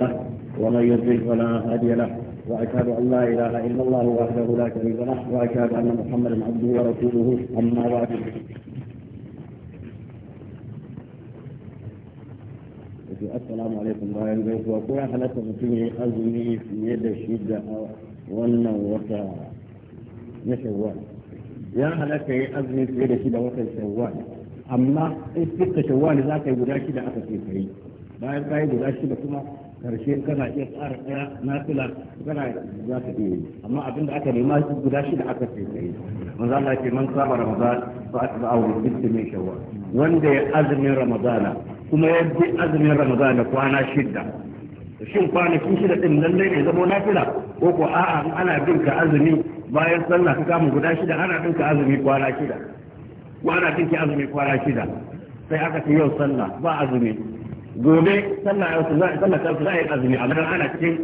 له ومن يضلل فلا هادي له واشهد ان لا اله الا الله وحده لا شريك له واشهد ان محمدا عبده ورسوله اما بعد السلام عليكم بايا البيت وكل حلقة مسلمي أزمي في يد الشدة والنوطة نشوال يا حلقة أزمي في يد الشدة وكل شوال أما إستيق شوال ذاك يقول لك إذا أتى في الحي بايا البيت يقول لك karshe kana iya tsara ɗaya na fila kana za ka iya yi amma abin da aka nema shi guda shida aka sai ka yi manzo Allah ce man saba ramadan fa atba'ahu bi min shawwa wanda ya azumin ramadana kuma ya bi azumin ramadana kwana shida shin kwanakin shida din lallai ne zama nafila ko ko a'a ana bin ka azumi bayan sallah ka kama guda shida ana bin ka azumi kwana shida ko ana bin ki azumi kwana shida sai aka ce yau sallah ba azumi gobe sallah za a sallah ta za a yi azumi a garin ana cikin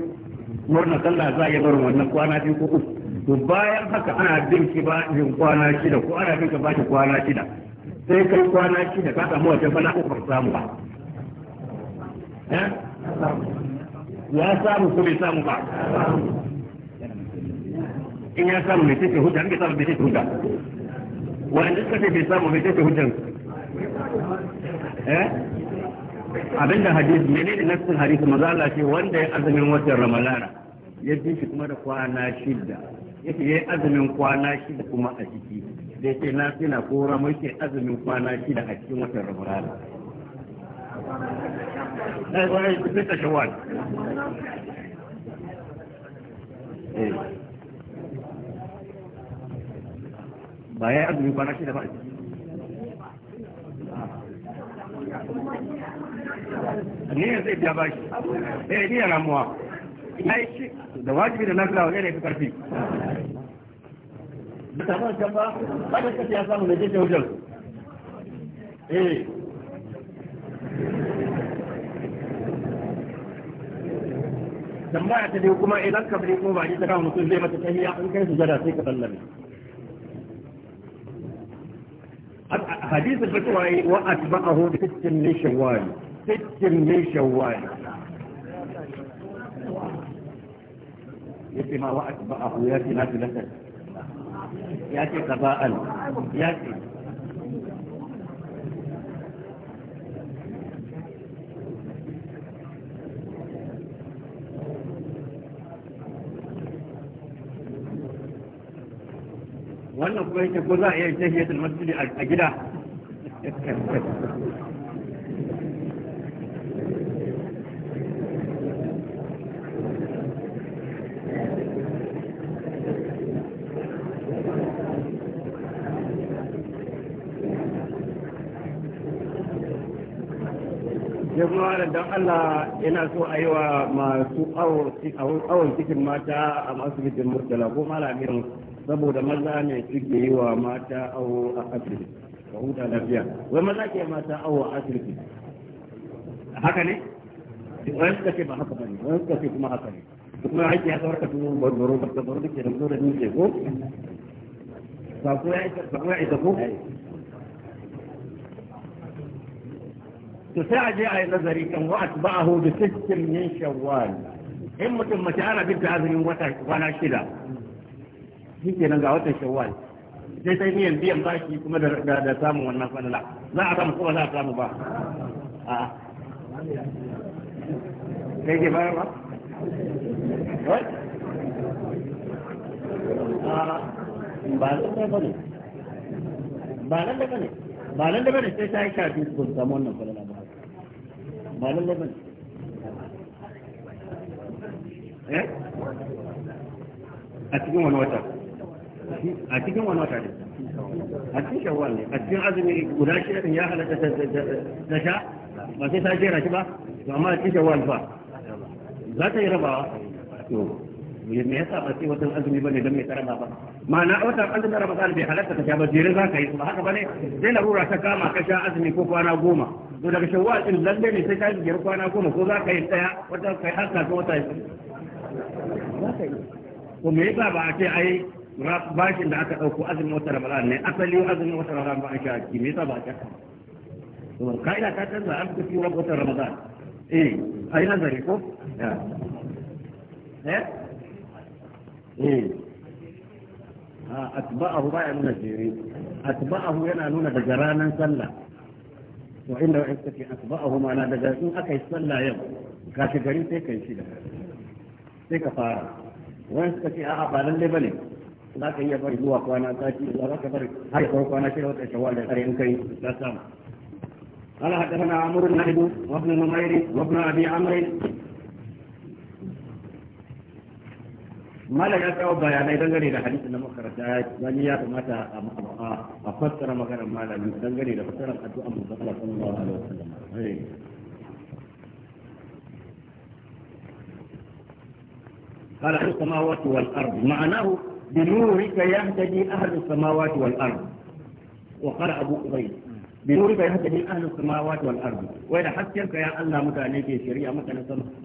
murna sallah za a yi barin wannan kwana biyu ko uku to bayan haka ana bin ki ba kwana shida ko ana bin ka ba kwana shida sai kai kwana shida ka samu wajen fana uku samu ba eh? ya samu ko bai samu ba in ya samu mai take hujja in bai samu mai take hujja wanda suka ce bai samu mai take hujjan eh abinda hadisi menene nassin hadisi maza Allah ce wanda ya azumin watan ramadana ya ji shi kuma da kwana shida yake ya azumin kwana shida kuma a ciki da yake na sina ko ramai ke azumin kwana shida a cikin watan ramadana eh wai fita shawal eh ba ya azumin kwana shida ba a ciki ya zai biya bashi eh niyan ramuwa ai da wajibi da nafila wani ne fi karfi da tabar can ba ba da kace ya samu da jeje hujjar eh tambaya ta dai kuma idan ka bari ko ba ni ta kawo mutum zai mata tahiya an kai sujada sai ka sallame hadisin fitowa wa atba'ahu bi sittin min shawwal sittin min shawwal yace ma a ba'ahu yace na ya tilaka yace ya yace wannan kuma yake ko za a iya yin tahiyatul masjid a gida wannan don Allah yana so a yi wa masu awon cikin mata a masu asibitin murtala ko malamin saboda maza ne suke yi wa mata awo a asibiti ga huta lafiya wai maza ke mata awo a asibiti haka ne wani suka ce ba haka ba ne wani suka ce kuma haka ne kuma haƙƙi ya tsawar ka tuno barbaro barbaro da ke da ko sako ya isa ko to sai a je a yi nazari kan wa atba'ahu bi sittin min shawwal in mutum mace ana bin ta azumin wata kwana shida shi kenan ga watan shawwal sai sai niyan biyan baki kuma da da samun wannan fadala za a samu kuma za a samu ba a sai ke bayar ba ba lallai ba ne ba lallai ba ne ba lallai ba ne sai ta yi shafi kun samu wannan fadala ba ba lalle ba eh? a cikin wani wata a cikin wani wata ne a cikin shawwal ne a cikin azumi guda shi din ya halatta ta sha ba sai ta jera shi ba to amma a cikin shawwal fa za ta yi rabawa to me yasa ba sai watan azumi ne dan mai karama ba ma'ana watan azumin ramadan bai halatta ta sha ba jere za ka yi ba haka ba ne sai larura ta kama ka sha azumi ko kwana goma to daga shawwal din lalle ne sai ka yi biyar kwana goma ko za ka yi tsaya wata kai har ka wata yi ko me yasa ba a ce ai bashin da aka dauko azumin wata ramadan ne asali azumin wata ramadan ba a sha ki me yasa ba a ce to kaida ta canza an fi wata ramadan eh ai nazari ko eh eh ah, atba'ahu بقى من nuna jere atba'ahu yana nuna daga to inda wa'in suka ce asba'ahu ma'ana daga in aka yi sallah yau kashi gari sai ka yi shida sai ka fara wa'in suka ce a'a ba lalle bane za ka iya bari zuwa kwana sati za ka bari har ya kwana shida wata shawar da tsare in kai na samu قال حدثنا عمرو بن وابن نمير abin abin amurin, malam ya kawo bayanai dangane da hadisin da muka rasa wani ya kamata a makamaka a fassara صلى الله عليه وسلم fassarar قال أهل السماوات والأرض معناه بنورك يهتدي أهل السماوات والأرض وقال أبو قبيل بنورك يهتدي أهل السماوات والأرض وإذا حسيرك يا الله متى نيكي شريعة متى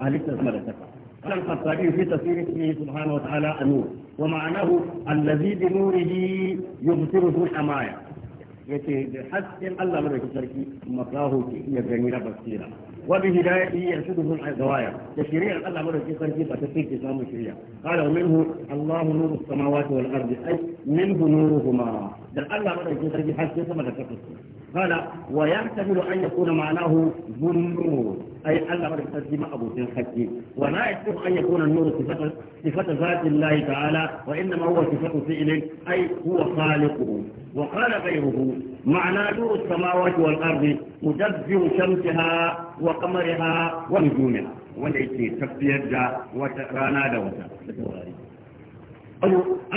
أهل السماوات والأرض قال الخطابي في تفسير اسمه سبحانه وتعالى النور ومعناه الذي بنوره يبصره الحماية يتي بحسب الله من يكون مكاهو يبني بصيره وبهدايته يرشدهم الغوايا تشريع الله مرة في قلبي فتفيد إسلام الشريعة قال ومنه الله نور السماوات والأرض أي منه نورهما ده الله مرة في قلبي حتى كما ذكرت قال ويحتمل أن يكون معناه ذو النور أي الله مرة في قلبي أبو الحكيم ولا يحتمل أن يكون النور صفة صفة ذات الله تعالى وإنما هو صفة فعل أي هو خالقه وقال غيره معنى نور السماوات والأرض مدبر شمسها وقمرها ونجومها وليس تفسير جاء ورانا دوتا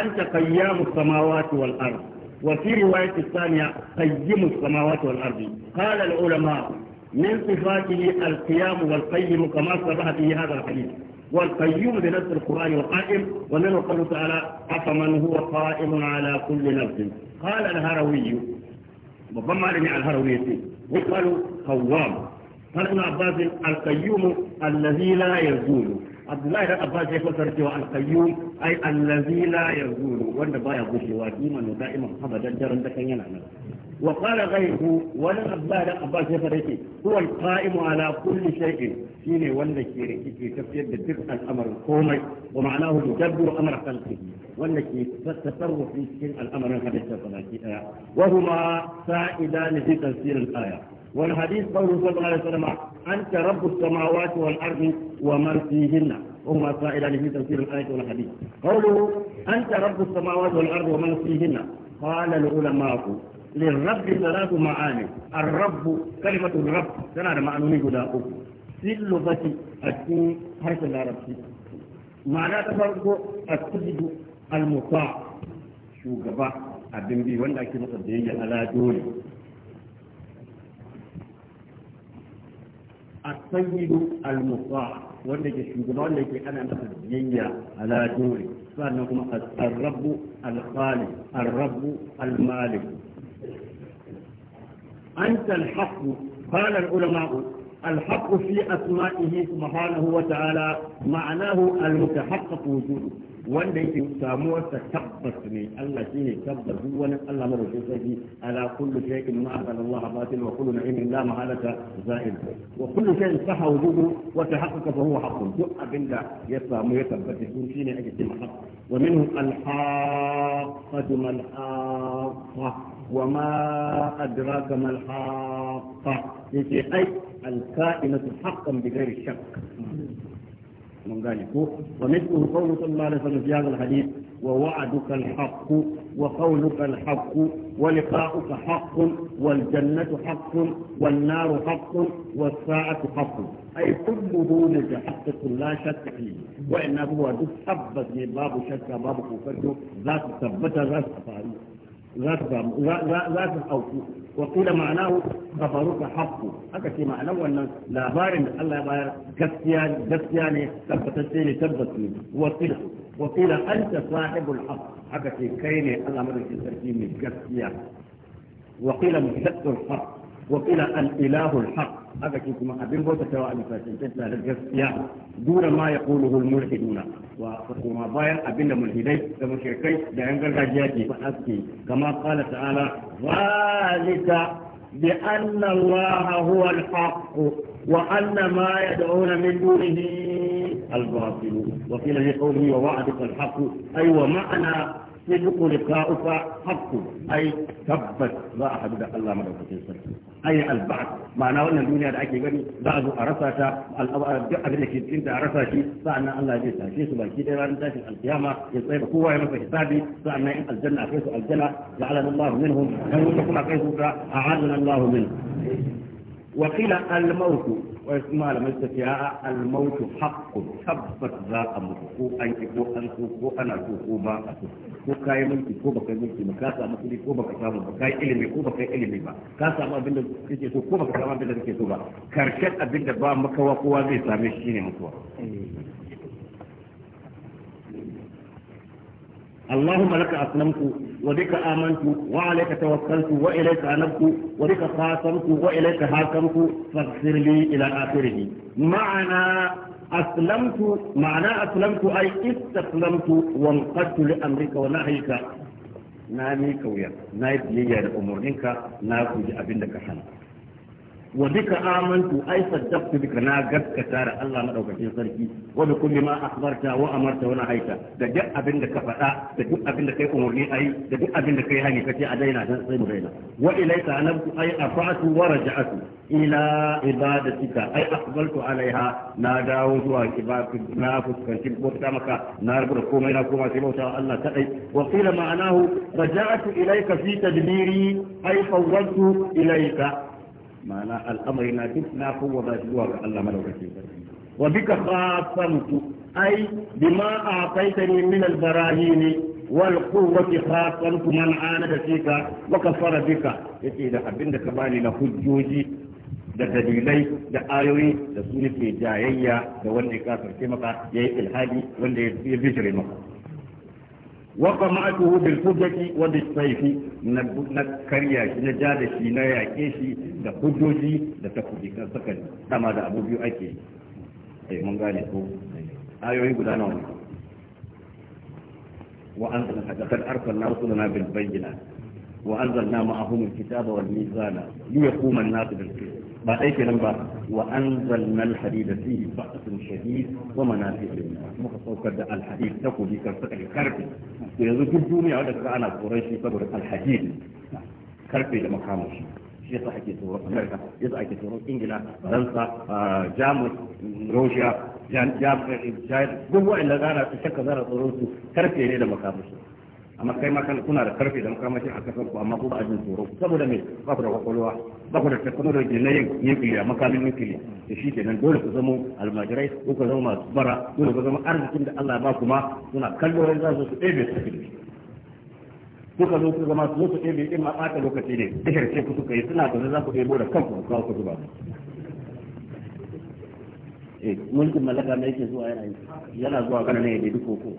أنت قيام السماوات والأرض وفي رواية الثانية قيم السماوات والأرض قال العلماء من صفاته القيام والقيم كما صرح به هذا الحديث والقيوم بنفس القرآن القائم ومنه قوله تعالى أفمن هو قائم على كل نفس قال الهروي babban malami al-harawi yace wa قال ابن عباس القيوم الذي لا يزول عبد الله بن عباس cewa القيوم اي الذي لا يزول wanda baya gushewa kima ne da'iman abadan daren da kan yana nan وقال غيره ولا عبد عباس يفسر هو القائم على كل شيء shine wanda ke rikice tafiyar da duk al'amarin komai wa ma'anahu yudabbiru amra khalqihi wanda ke tasarrufi cikin al'amarin halitta baki daya wa huma sa'idani fi tafsir al-aya wal hadith qawlu sallallahu alaihi wasallam anta rabbus samawati wal ardi wa man fihinna وهما سائلان في تفسير الآية والحديث قوله أنت رب السماوات والأرض ومن فيهن قال العلماء للرب ثلاث معاني الرب كلمة الرب كان معنى من في اللغة التي حيث العربية معنى تفرق السجد المطاع شو جبا أبن بي وانا كده قدية على دولي السيد المطاع وانا كده وانا كده أنا قدية على دولي فأنكم الرب الخالق الرب المالك أنت الحق قال العلماء الحق في أسمائه سبحانه وتعالى معناه المتحقق وجوده وندي سامو تتقبس من الله شيء تقبل هو الله مر في على كل شيء ما أذن الله باطل وكل نعيم لا مهلة زائد وكل شيء صح وجوده وتحقق فهو حق جو أبدا يسامو يتقبل يكون شيء أجل حق ومنه الحق ما الحق وما أدراك ما الحق يجي أي الكائنة حقا بغير الشك من ذلك ومثله قول صلى الله عليه وسلم في هذا الحديث ووعدك الحق وقولك الحق ولقاؤك حق والجنة حق والنار حق والساعة حق أي كله متحقق لا شك فيه وإن هو ذو من باب شك باب كفر ذات ثبت ذات أفعاله ذات ذات خوف وقيل معناه خبرك حق هذا شيء معناه ان لابار الله يبار كسيان كسيان تبتسيني تبتسيني وقيل وقيل انت صاحب الحق هذا شيء كيني الله مرسي تركي من كسيان وقيل مشتت الحق وقيل الاله الحق هذا كما ابن بوتا سواء الفاسين لا للجسيا دون ما يقوله الملحدون وما باين ابن ملحدين كما شركي دا ينقل غاجياتي فأسكي كما قال تعالى ذلك بأن الله هو الحق وأن ما يدعون من دونه الباطل وقيل لقوله ووعدك الحق أي أيوة ومعنى يجب لقاؤك حق أي ثبت لا أحد الله مدوكتين سرطان أي البعث معنى أن الدنيا دا أكي غني بعض أرساتا الأبعاد لكي تنت أرساتي فأنا الله جيسا شيس كده ديران في القيامة يصيب قوة يمسك حسابي فأنا إن الجنة أكيسو الجنة جعلنا الله منهم أن يكون أكيسو اعاننا الله منهم وقيل الموت واسمع لما استفياء الموت حق ثبت ذاك ko an ki ko an so ko ana so ko ba a ko kai mulki ko baka mulki ba ka samu ko baka samu ba kai ilimi ko baka ilimi ba ka samu abin da kake so ko baka samu abin da kake so ba karshen abin da ba makawa kowa zai same shi ne اللهم لك أسلمت وبك آمنت وعليك توكلت وإليك أنبت وبك خاصمت وإليك هاكمت فاغفر لي إلى آخره معنى أسلمت معنى أسلمت أي استسلمت وانقدت لأمرك ونهيك نامي كويا نايب لي يا أمورنك ناكل أبنك حنك wa bika amantu ai saddaqtu bika na gaskata da Allah madaukakin sarki wa bi kulli ma akhbarta wa amarta wa nahaita da duk abin da ka faɗa da duk abin da kai umurni ai da duk abin da kai hani kace a daina dan sai mu daina wa ilayka anabtu ai afatu wa raja'atu ila ibadatika ai aqbaltu alaiha na dawo zuwa kibaki na fuskanci bauta maka na rubuta komai na koma sai bauta Allah kadai wa qila ma'anahu raja'atu ilaika fi tadbiri ai fawwadtu ilaika. ma'ana al'amari na duk na kowada zuwa ga Allah madaukake wa bika ku. ai bima a'taitani min al-barahin والقوة خاصة من عاند فيك وكفر بك يتي da abin da ka bani na hujjoji da dalilai da ayoyi da su ke jayayya da wanda ya kafirce maka yayi ilhadi wanda ya bijire maka وقمعته بالحجة وبالسيف نكريا نجاد شينا يا كيشي لحجوجي لتخذي كالسكن كما دا أبو بيو أكي أي من قال يقول آيو يقول أنا وأنزلنا لقد أرسلنا رسلنا بالبينات وأنزلنا معهم الكتاب والميزان ليقوم الناس بالقسط بعدي كلام بعد الحديد فيه بأس شديد ومنافع للناس مخصوص كده الحديد تكو دي كرسك الكرب ويزو كل دومي عادة كرانا قريشي تقول الحديد كرب إلى مقامه شيء صحيح يصور أمريكا يضع يصور سورة إنجلا فرنسا جامس روسيا جان جام جاير قوة إلا غانا تشكى ذارة روسو كرب إلى مقامه amma kai ma kan kuna da karfi da makamashin a kasar ku amma ku ba ajin tsoro saboda me ba ku da kwakwalwa ba ku da technology na yin nukiliya makamin nukiliya da shi kenan dole ku zama almajirai ko ku zama masu bara dole ku zama arzikin da Allah ya ba ku ma kuna kallon za su su ɗebe su ku kuka zo ku zama su zo su ɗebe in ma ɓata lokaci ne da karshe ku suka yi suna da za ku ɗebo da kanku ku ku zuba eh, mulkin mallaka ne yake zuwa yana yana zuwa kana ne da duk koko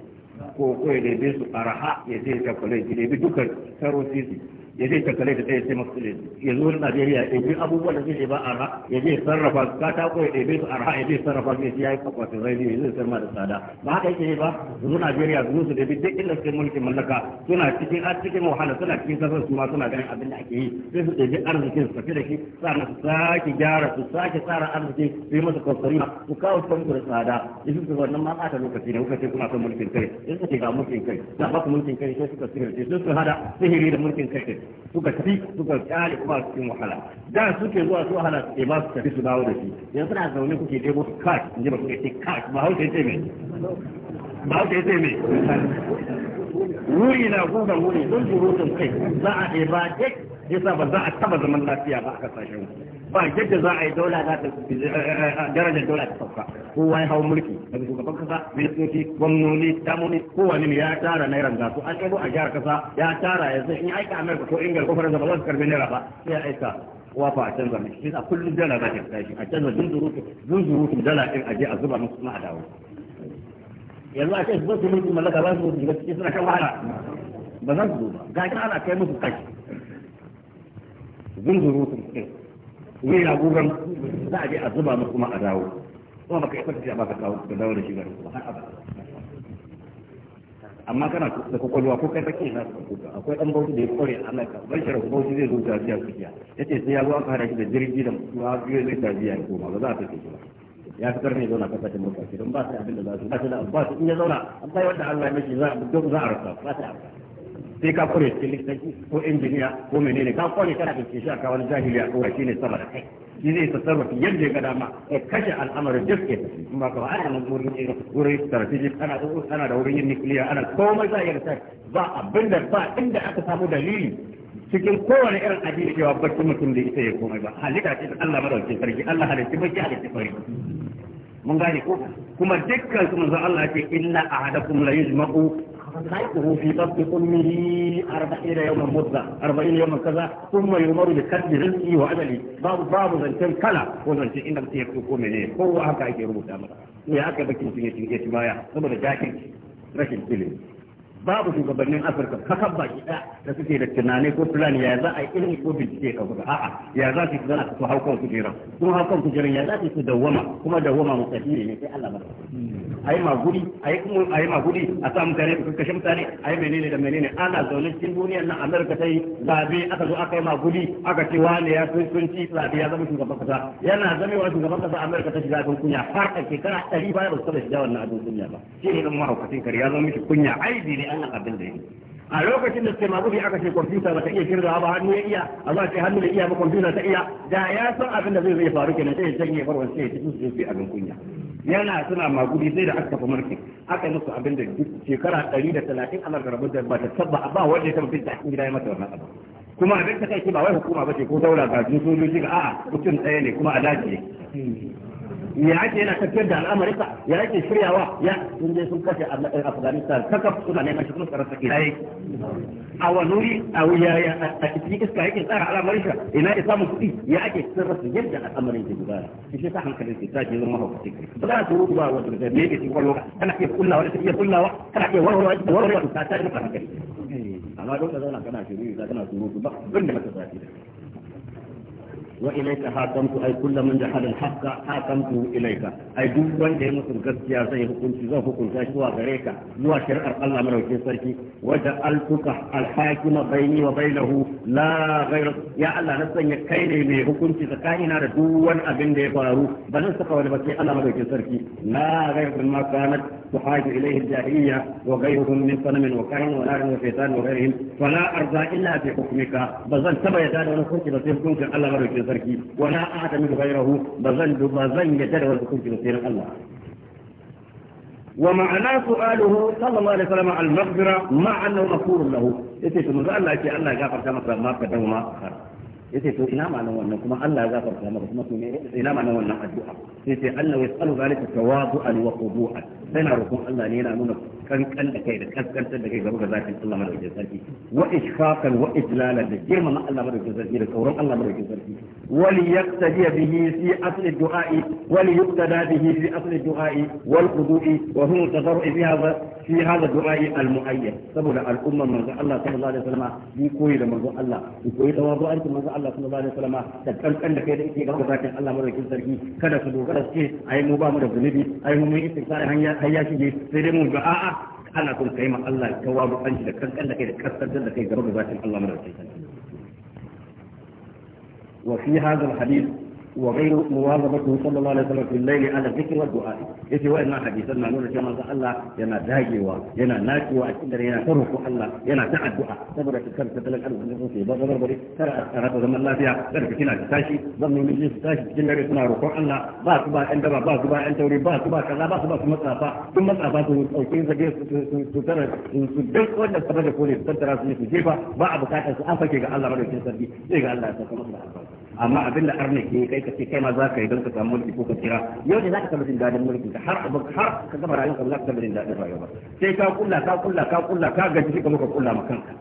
ko ko ya debe su arha ya je ta kwalai ne bi duka taro sisi ya zai takale da ɗaya sai masu ya zo na Najeriya ya bi abubuwan da zai ba a ra ya zai sarrafa ka ta katako ɗaya ɗebe su ra ya zai sarrafa zai ya yi kwakwatin rai ya zai sarma da tsada ba haka yake ba su zo Najeriya su zo su da ɗebi duk inda suke mulkin mallaka suna cikin a cikin wahala suna cikin kasar su ma suna ganin abin da ake yi sai su ɗebi arzikin su tafi da shi sannan su sake gyara su sake tsara arzikin su yi masa kwasari su kawo su da tsada ya zai su wannan ma ta lokaci ne lokaci kuma kuna son mulkin kai isu ce ga mulkin kai da ba su mulkin kai sai suka sihiri sai su hada sihiri da mulkin kai suka ci suka kyale kuma cikin wahala da suke zuwa su wahala ke ba su tafi su dawo da shi yanzu na zaune kuke debo su kash in ji ba suka ce kash ba hausa ce mai ba hausa ce mai wuri na gudan wuri don surutun kai za a ɗeba duk yasa ba za a taba zaman lafiya ba a kasashen ba yadda za a yi dola za ta eh, eh, eh, darajar dola ta sauka kowa ya hau mulki daga shugaban kasa ministoci gwamnoni damoni kowane ne ya tara nairan gasu an ɗago a jihar kasa ya tara ya zai in aika amurka ko ingila ko faransa ba za su karbi naira ba sai ya aika wafa a canza mai shi a kullum dala za ta tashi a canza zunzurutun dala ɗin a je a zuba musu kuma a dawo yanzu a ce su zo su mulki mallaka ba su zo su gaske suna kan wahala ba za su zo ba ga ana kai musu kashi zunzurutun ɗin wai na gugan za a je a zuba musu kuma a dawo kuma baka tafiya kawo ka kana da kwakwalwa ko kai kake na akwai dan da ya kware Allah ka bar shirin zai tafiya tafiya yace sai ya zo aka hada shi da jirgi da kuma biyo zai ba za ya fi karni zauna kasa ta ba su abin da za su ba su in ya zauna an bai wanda Allah ya mishi za a rasa ba sai ka kware cikin littafi ko injiniya ko menene ka kware kana da shi a wani jahili a kawai shine sama da kai shi zai fi yadda ya ga dama ya kashe al'amarin jiske in ba ka ba ana nan wurin wurin strategic ana da wurin ana da wurin yin nukiliya ana komai za a yi ba abin da ba inda aka samu dalili cikin kowane irin addini cewa bakki mutum da ita ya komai ba halitta ce da Allah madaukakin sarki Allah halitta baki halitta fari mun gane ko kuma dukkan su manzo Allah ya ce inna ahadakum la yujma'u حيثه في بطن أمه أربعين يوما مدة أربعين يوما كذا ثم يمر بكتب رزقي وأجله باب باب زنتين كلا وزنتين إن لم يكون منين هو هكا يجي رمو سامرة ويا هكا بكي في يتمايا ثم رجاكي رشد كلمة babu shugabannin afirka kakan baki ɗaya da suke da tunani ko fulani ya za a yi ilimi ko bincike ka guda a'a ya za su zana su hau kan kujeran kuma hau kan kujeran ya za su dawwama kuma dawwama mutahiri ne sai Allah maka ayi maguri ayi kuma ayi maguri a sa mutane su kashe mutane ayi menene da menene ana zaune cikin duniyar nan Amerika ta yi zabe aka zo aka yi maguri aka ce wane ya sun sun ci zabe ya zama shugaban kasa yana zamewa shugaban kasa Amerika ta shiga cikin kunya har a shekara 100 baya ba su taba shiga wannan a duniya ba shi ne dan mahaukacin kare ya zama mishi kunya aibi ne wannan abin da yake a lokacin da suke magufi aka ce kwamfuta ba ta iya shirya ba hannu ya iya a za ce hannu da iya ba kwamfuta ta iya da ya san abin da zai zai faru kenan sai ya janye barwan sai ya ci su su abin kunya yana suna magudi sai da aka tafi mulki aka musu abin da shekara 130 ana garabar da ba ta tabba ba wanda ya taba fita cikin gida ya mata wannan abu kuma abin ta kai ba wai hukuma ba ce ko daura ga sojoji ga a'a mutum ɗaya ne kuma a daji ya ake yana tafiyar da ka ya ake shiryawa ya sun je sun kashe a matsayin afghanistan kaka suna neman shi kuma karasa ina yake a wani a wuya a cikin iska yake tsara al'amarika ina ya samu kuɗi ya ake sun rasa yadda al'amarin ke gudana shi shi ta hankalin ke tashi zama mahaukaci ba za su rubuta wa da me ke cikin kana iya kullawa da iya kullawa kana iya warwarewa da warwarewa ta tashi maka hankali amma don ka zauna kana shiru kana surutu ba bin da maka zafi da وإليك حاكمت أي كل من جحد الحق حاكمت إليك أي دون وان دي مصر قصيا زي حكم سيزو حكم تشوى غريك هو شرع الله من وجه سركي وجعلتك الحاكم بيني وبينه لا غير يا الله نسان يكيني من حكم تزكانينا دون أبن دي فارو بنسك ولبكي الله من وجه سركي لا غير ما كانت تحاج إليه الجاهلية وغيرهم من صنم وكهن ونار وشيطان وغيرهم فلا أرضى إلا بحكمك بزن سبا يدان ونسرك بسيحكم الله من وجه madaukakin sarki wala ahada min ghayrihi bazan bazan yadda da wani hukunci sai Allah ومعنى سؤاله صلى الله عليه وسلم على المغفرة مع أنه مغفور له يتي تو مزا الله يتي الله غفر كما سبب ما قدم ما أخر يتي تو إنا معنى وأنه كما الله غفر كما سبب ما قدم إنا معنى وأنه أدعى يتي أنه يسأل ذلك تواضعا وخضوعا yana roƙon Allah ne yana nuna kankan da kai da kaskantar da kai gaba ga zakin Allah madaukakin sarki wa ishfaqan wa ijlala da girmama Allah madaukakin sarki da tsoron Allah madaukakin sarki wal yaqtadi bihi fi asli du'a'i wal yuqtada bihi fi asli du'a'i wal qudu'i wa hum tadarru fi hadha fi hadha du'a'i al mu'ayyan saboda al umma manzo Allah sallallahu alaihi wasallam bi koyi da manzo Allah bi koyi da manzo Allah manzo Allah sallallahu alaihi wasallam da kankan da kai da yake gaba ga zakin Allah madaukakin sarki kada su dogara su ce ai mu ba mu da zunubi ai mu mun istighfar hanya kai ya shige sai dai mun ga a'a ana kun kai ma Allah tawabu an da kankan da kai da kaskantar da kai gaba da zatin Allah madaukakin wa fi hadha al-hadith وغير مواظبته صلى الله عليه وسلم في الليل على الذكر والدعاء يتي وإن حديثا ما نونا كما قال الله ينا داجوا ينا ناجوا أكدر ينا ترك الله ينا تعدعا تبرك كم تتلك أرض النسوة في بغض بربري ترى أرى تزمن الله فيها ذلك كنا تتاشي ظنوا من جنس تتاشي كنا رسنا ركوع الله باك باك عند باك باك باك وري باك باك الله باك باك مطافا ثم مطافا تتوكين تترى تدق ولا تبرك ولي تترى سنة جيبا بعض كاتس أفكي قال الله رجل سنة جيبا الله سنة الله amma abinda arne ke kai ka ce kai ma za ka yi don ka samu mulki ko ka kira yau ne za ka tabbacin dadin mulki ka har har ka gama rayuwa ba za ka tabbacin dadin rayuwa ba sai ka kulla ka kulla ka kulla ka gaji ka muka kulla ma kanka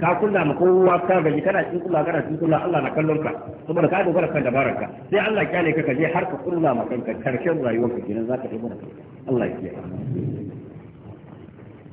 ka kulla ma kowa ka gaji kana cikin kulla kana cikin kulla Allah na kallon ka saboda ka dogara kan dabarar ka sai Allah ya kyale ka ka je har ka kulla ma kanka karshen rayuwa ka kenan za ka yi mana Allah ya kiyaye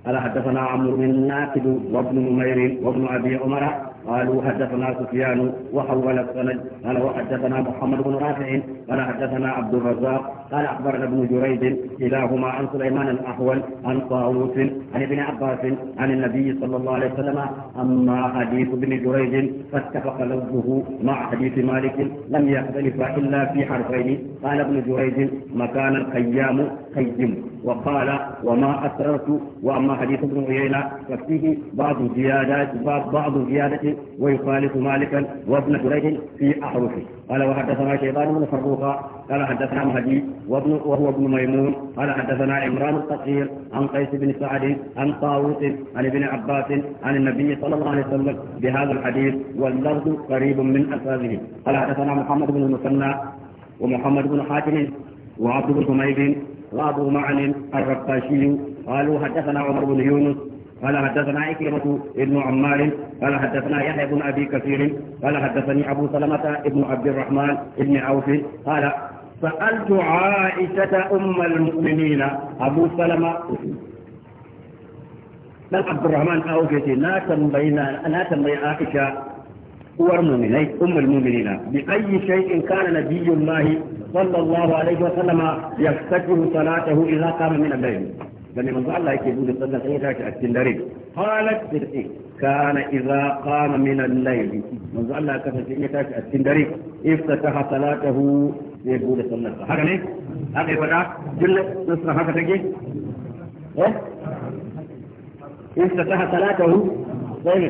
قال حدثنا عمرو بن ناقد وابن نمير وابن ابي عمر قالوا حدثنا سفيان وحول السند قال وحدثنا محمد بن رافع قال حدثنا عبد الرزاق قال اخبرنا ابن جريج كلاهما عن سليمان الاحول عن طاووس عن ابن عباس عن النبي صلى الله عليه وسلم اما حديث ابن جريج فاتفق لفظه مع حديث مالك لم يختلف الا في حرفين قال ابن جريج مكان الخيام خيم وقال وما اسررت واما حديث ابن عيينه ففيه بعض زيادات بعض زياده ويخالف مالكا وابن جريج في أحرفه قال وحدثنا شيطان بن فروقا قال حدثنا مهدي وابن وهو ابن ميمون قال حدثنا عمران القصير عن قيس بن سعد عن طاووس عن ابن عباس عن النبي صلى الله عليه وسلم بهذا الحديث واللفظ قريب من أساسه قال حدثنا محمد بن المثنى ومحمد بن حاتم وعبد بن حميد وابو معن الرقاشي قالوا حدثنا عمر بن يونس قال حدثنا عكرمة ابن عمار قال حدثنا يحيى بن أبي كثير قال حدثني أبو سلمة ابن عبد الرحمن ابن عوف قال سألت عائشة أم المؤمنين أبو سلمة بل عبد الرحمن عوف لا تنبي عائشة أم المؤمنين بأي شيء كان نبي الله صلى الله عليه وسلم يفتكر صلاته إذا قام من الليل da mai manzo Allah yake bude sallah sai ya tashi a cikin dare qalat sirri kana idza qama min al-layl manzo Allah ya kasance ya tashi a cikin dare iftataha salatahu ya bude sallah haka ne haka ya fada jilla nasra haka take eh iftataha salatahu sai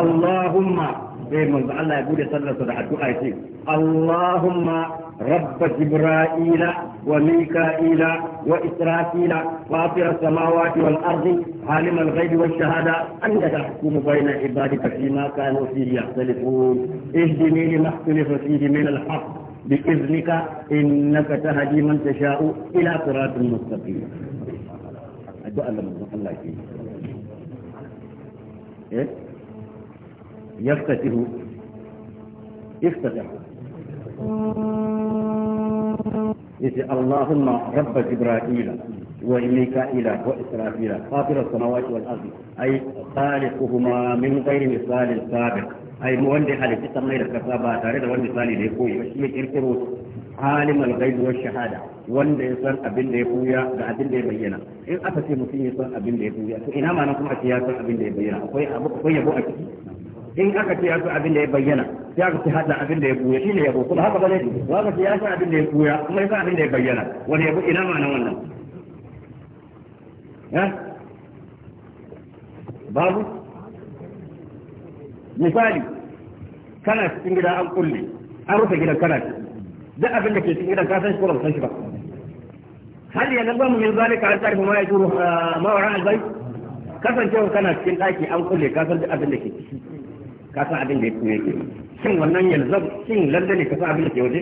Allahumma sai manzo Allah ya bude sallah da addu'a ce Allahumma رب جبرائيل وميكائيل وإسرائيل فاطر السماوات والأرض عالم الغيب والشهادة أنت تحكم بين عبادك فيما كانوا فيه يختلفون اهدني لما اختلف فيه من الحق بإذنك إنك تهدي من تشاء إلى صراط مستقيم الدعاء لما الله فيه يفتتح يفتتح يجي اللهم رب جبرائيل وميكائيل وإسرافيل فاطر السماوات والأرض أي خالقهما من غير مثال سابق أي مولي حالك تسمي لك كتابة تاريد مثالي ليكوي وشمي كيركرو عالم الغيب والشهادة wanda ya san abin da ya koya da abin da ya bayyana in aka ce mutum ya san abin da ya koya to ابو ma ابو kuma in aka ce ya fi abin da ya bayyana sai aka ce hada abin da ya buya ne yabo kuma haka bane wa aka ce ya san abin da ya buya kuma ya san abin da ya bayyana wani yabo ina ma nan wannan ya babu misali kana cikin gida an kulle an rufe gidan kana duk abin da ke cikin gidan ka san shi ko ba san shi ba hal yanzu min zalika an tarifu ma juru ah, ma wara al kasancewa kana cikin daki an kulle ka san duk abin da ke ka san abin da ya kuma yake shin wannan yanzu shin lalle ne ka san abin da ke waje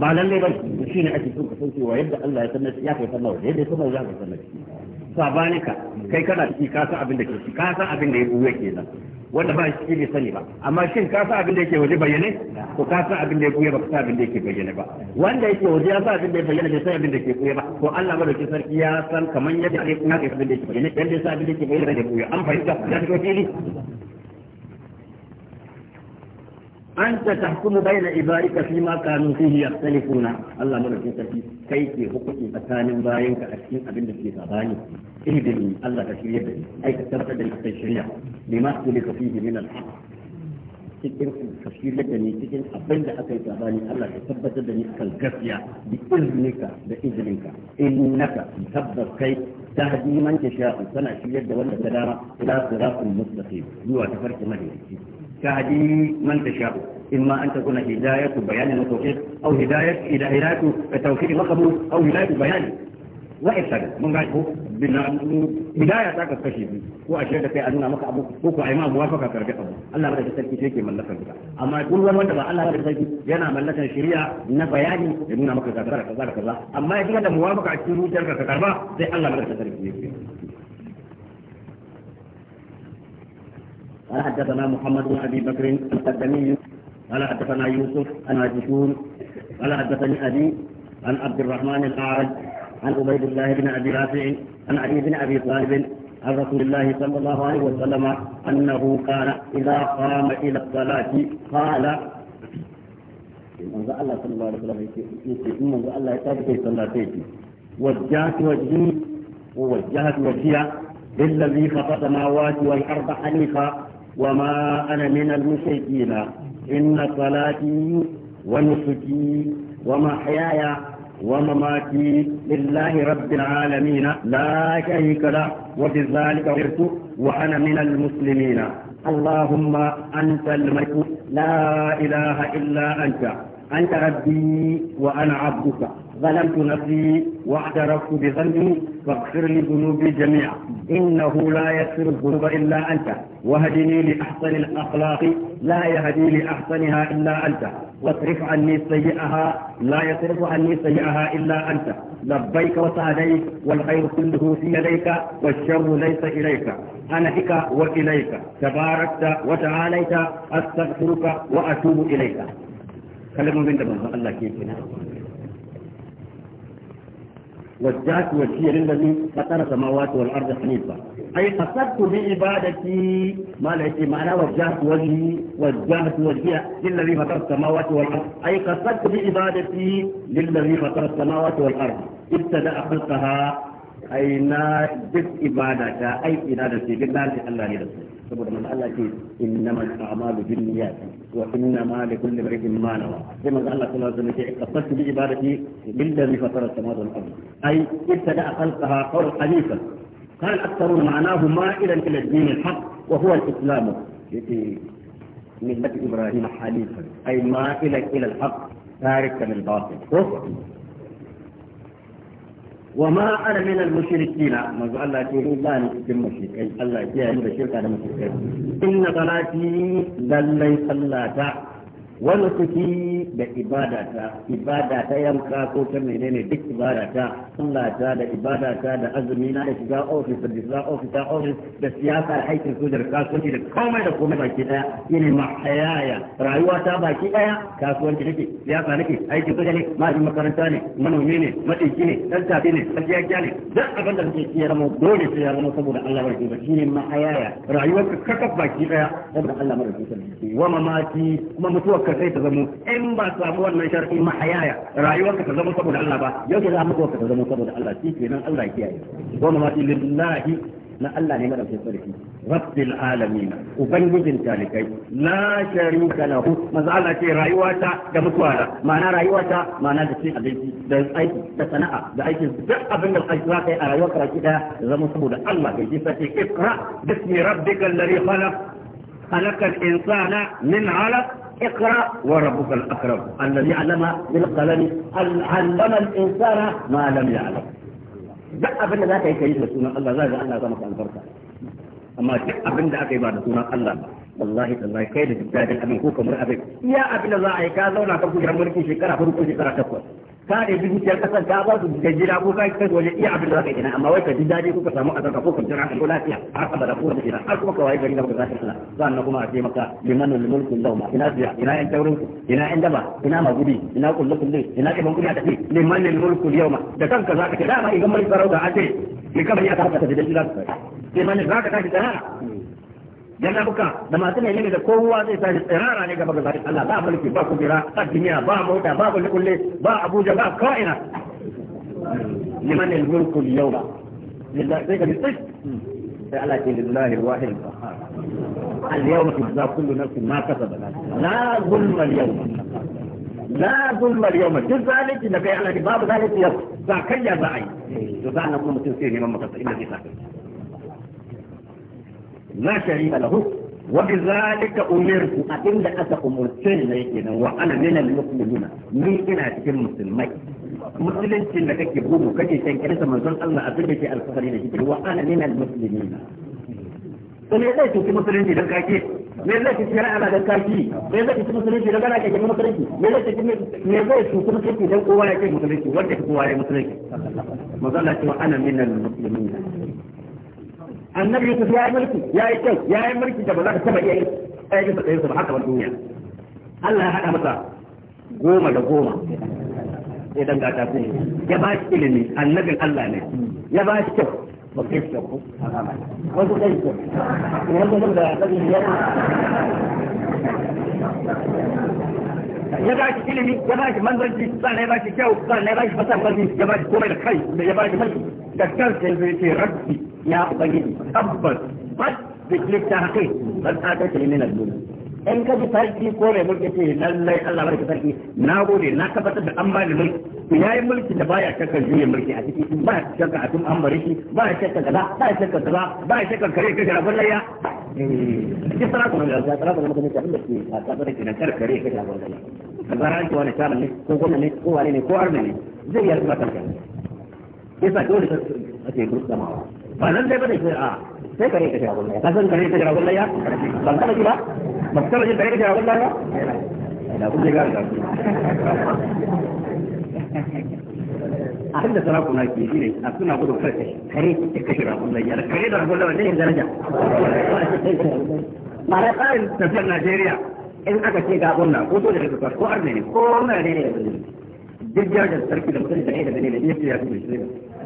ba lalle ba shi ne ake son ka san cewa yadda Allah ya sanar ya kai sanar yadda ya sanar ya kai sanar ka. kai kana ciki ka san abin da ke ciki ka san abin da ya yake nan wanda ba shi bai sani ba amma shin ka san abin da yake waje bayyane ko ka san abin da ya kuma ba ka san abin da yake bayyane ba wanda yake waje ya san abin da ya bayyane bai san abin da yake kuma ba ko Allah madauki sarki ya san kaman yadda ya san abin da yake bayyane yadda ya san abin da yake bayyane da kuma an fahimta ya fito fili أنت تحكم بين عبادك فيما كانوا فيه يختلفون الله مرة في سبيل كيف حكم أسان باينك أسين أبن في سباني إهدني الله تشريع بني أي تثبت للتشريع لما اختلف فيه من الحق cikin tafsir da ni cikin abin da aka yi tsabani Allah ya tabbatar da ni kan gaskiya bi iznika da izininka innaka tabbas kai tahdi man tasha kana shiryar da wanda ka dama ila siratul mustaqim zuwa tafarki madaidaici تهدي من تشاء إما أن تكون هداية بيان وتوفيق أو هداية إلى هداية توفيق وقبول أو هداية بيان وإرشاد من قال هو بداية ذاك الكشف وأشهد في أن مك أبو كوكو أيما موافقة كرجع أبو الله بدأ يسلك شيء من لك أما يقول وان وان الله بدأ يسلك ينا من لك الشريعة نبياني يقول مك كذا كذا كذا أما يجي هذا موافقة تشوف تلك كذا زي الله بدأ يسلك شيء قال حدثنا محمد بن ابي بكر القدمي قال حدثنا يوسف عن هاشم قال حدثني ابي عن عبد الرحمن الاعرج عن عبيد الله بن ابي رافع عن علي بن ابي طالب عن رسول الله صلى الله عليه وسلم انه قال اذا قام الى الصلاه قال منذ الله صلى الله عليه وسلم منذ الله Allah في tafi وجهت وجهي ووجهت وجهي للذي wajhi السماوات والارض حنيفا وما أنا من المشركين إن صلاتي ونسكي ومحياي ومماتي لله رب العالمين لا شريك له وبذلك أمرت وأنا من المسلمين اللهم أنت الملك لا إله إلا أنت أنت ربي وأنا عبدك ظلمت نفسي واعترفت بذنبي فاغفر لي ذنوبي جميعا انه لا يغفر الذنوب الا انت وهدني لاحسن الاخلاق لا يهدي لاحسنها الا انت واصرف عني سيئها لا يصرف عني سيئها الا انت لبيك وسعديك والخير كله في يديك والشر ليس اليك انا بك واليك تباركت وتعاليت استغفرك واتوب اليك كلمه من الله كيف وجعت وجهي للذي فطر السماوات والارض حنيفا اي قصدت بعبادتي ما ليس معنى وجهت وجهي وجهت وجهي للذي فطر السماوات والارض اي قصدت بعبادتي للذي فطر السماوات والارض ابتدا خلقها اي نا عبادتها اي عبادتي بالله الله لرسوله saboda manzo Allah ce innamal a'malu binniyat wa innama likulli imrin ma nawa sai manzo Allah sallallahu alaihi wasallam ce qasastu bi ibadati billazi fatara samawati wal ardh ay ibtada khalqaha qawl hanifa قال أكثرون معناه مائلا إلى الدين الحق وهو الإسلام التي ملة إبراهيم حنيفا أي مائلا إلى الحق تاركا الباطل وما أنا من المشركين ما قال الله يقول الله نكتب المشركين الله يعني بشركة المشركين إن ضلاتي صلاتي للي تعالى wani suki da ibadata ibadata yanka ko ta menene duk ibadata sallata da ibadata da azumi na da shiga ofis da shiga ofis ta ofis da siyasa aikin su da kasuwanci da komai da komai baki daya shine mahayaya rayuwa ta baki daya kasuwanci nake siyasa nake aikin soja ne ma'ajin makaranta ne manomi ne madinki ne dan tafi ne sakiyakiya ne duk abin da kake kiyar mu dole sai ya zama saboda Allah barke ba shine mahayaya rayuwar ka kakaf baki daya saboda Allah barke wa mamaki kuma mutuwa rayuwarka sai ta zamo in ba samu wannan shar'i mahayaya rayuwarka ta zama saboda Allah ba yau ke za mu ka ta zama saboda Allah shi kenan Allah ya kiyaye goma ma lillahi na Allah ne madaukakin sarki rabbil alamin ubangijin talikai la sharika lahu manzo Allah ce rayuwata da mutuwa ma'ana rayuwata ma'ana da cin abinci da aiki da sana'a da aikin duk abin da kai za ka yi a rayuwar ka ki daya zama saboda Allah kai ji sai ikra bismi rabbikal ladhi khalaq خلق الإنسان من علق اقرأ وربك الأكرم الذي علم بالقلم علم الإنسان ما لم يعلم جاء أبن ذاك يكيد لسونا الله لا جعلنا ذمك أن ترك أما جاء أبن ذاك يبعد سونا الله والله الله كيد جدا جدا من كوك يا أبن الله أيكا لو لا تقول رمضي شكرا فرقوا شكرا تقول ka ne bi dukiyar kasan ka ba su da gida ko kai kai waje iya abin da zaka yi amma wai ka ji dadi ko ka samu azan ko kwanciyar hankali ko lafiya har abada ko wani gida har kuma ka waye gari da zaka tsaya sannan kuma a ce maka liman al mulku lawma ina biya ina yan taurin ku ina yan daba ina magudi ina kullu kullu ina ibn kunya tafi liman al mulku yawma da kanka zaka ce dama idan mai sarauta a ce ni kamar ya ka ta da gida liman zaka tafi da jannabuka da masu ne da kowa zai tashi tsirara ne gaba ga zaɓin Allah ba mulki ba kubira ba duniya ba mota ba kulle kulle ba Abuja ba ko'ina liman al-mulku al-yawma lillahi sai ka bi sai Allah ke lillahi wahid al-yawma tujza kullu nafsin ma kasabat la zulma al-yawma la zulma al-yawma duk zalunci da kai Allah babu zalunci ya zakayya za a yi to sanan kuma mutum sai neman maka inda zai saka لا شريك له وبذلك أمرت أبن أتى أمرتين ليكنا وأنا من المسلمين من إلى تكون مسلمين مسلمين لك كبروه كي تنكرس من ظل الله أبن في الفقرين وأنا من المسلمين to me zai cuci musulunci don kaki me zai cuci ra'ala don kaki me zai cuci musulunci don gana kake musulunci me zai cuci me zai cuci musulunci don kowa ya ce musulunci wanda kowa ya musulunci mazalla cewa ana minal muslimin annabi Yusuf ya yi mulki ya yi kyau ya yi mulki da ba za ka taba iya yi ɗaya bisa ɗaya su ba haka duniya Allah ya haɗa masa goma da goma idan ga tafi ya ba shi ilimi annabin Allah ne ya ba shi kyau ba kai shi kyau wasu kai kyau yanzu da annabi ya ya ba shi ilimi ya ba shi manzanci sannan ya ba shi kyau sannan ya ba shi fasar ya ba shi komai da kai ya ba shi mulki ka karkace rabbi ya ubangiji tabbas fat biklik tahqiq bal ta ta min al-dunya in ka ji sarki ko mai mulki ce lallai Allah barka sarki na gode na tabbatar da an bani mulki to yayi mulki da baya shakka juye mulki a ciki ba shakka a tun an bari shi ba shakka kaza ba shakka kaza ba shakka kare ka shara bullaya ki sara ko da sara ko da mutum da ke a tabbata ke na kare kare ka shara bullaya kaza ran ki wani sharan ne ko gwamnati ne ko wani ne ko arme ne zai yarda maka yasa dole ka ake gusta ma ba nan dai bane sai a sai kare ka shawo ka san kare ka shawo ya ban kana ba ban kana jin kare ka shawo ya ina kun ga ga a kan da sarakuna ke shi ne a suna gudun kare kare ka kashe rabon ya kare da rabon lafiya ne daraja ma da tsarin tafiyar Najeriya in aka ce ga gwamna ko dole ne ko arne ne ko wannan ne ne duk jirgin sarki da mutum da ne da ne da ne ya fi ya fi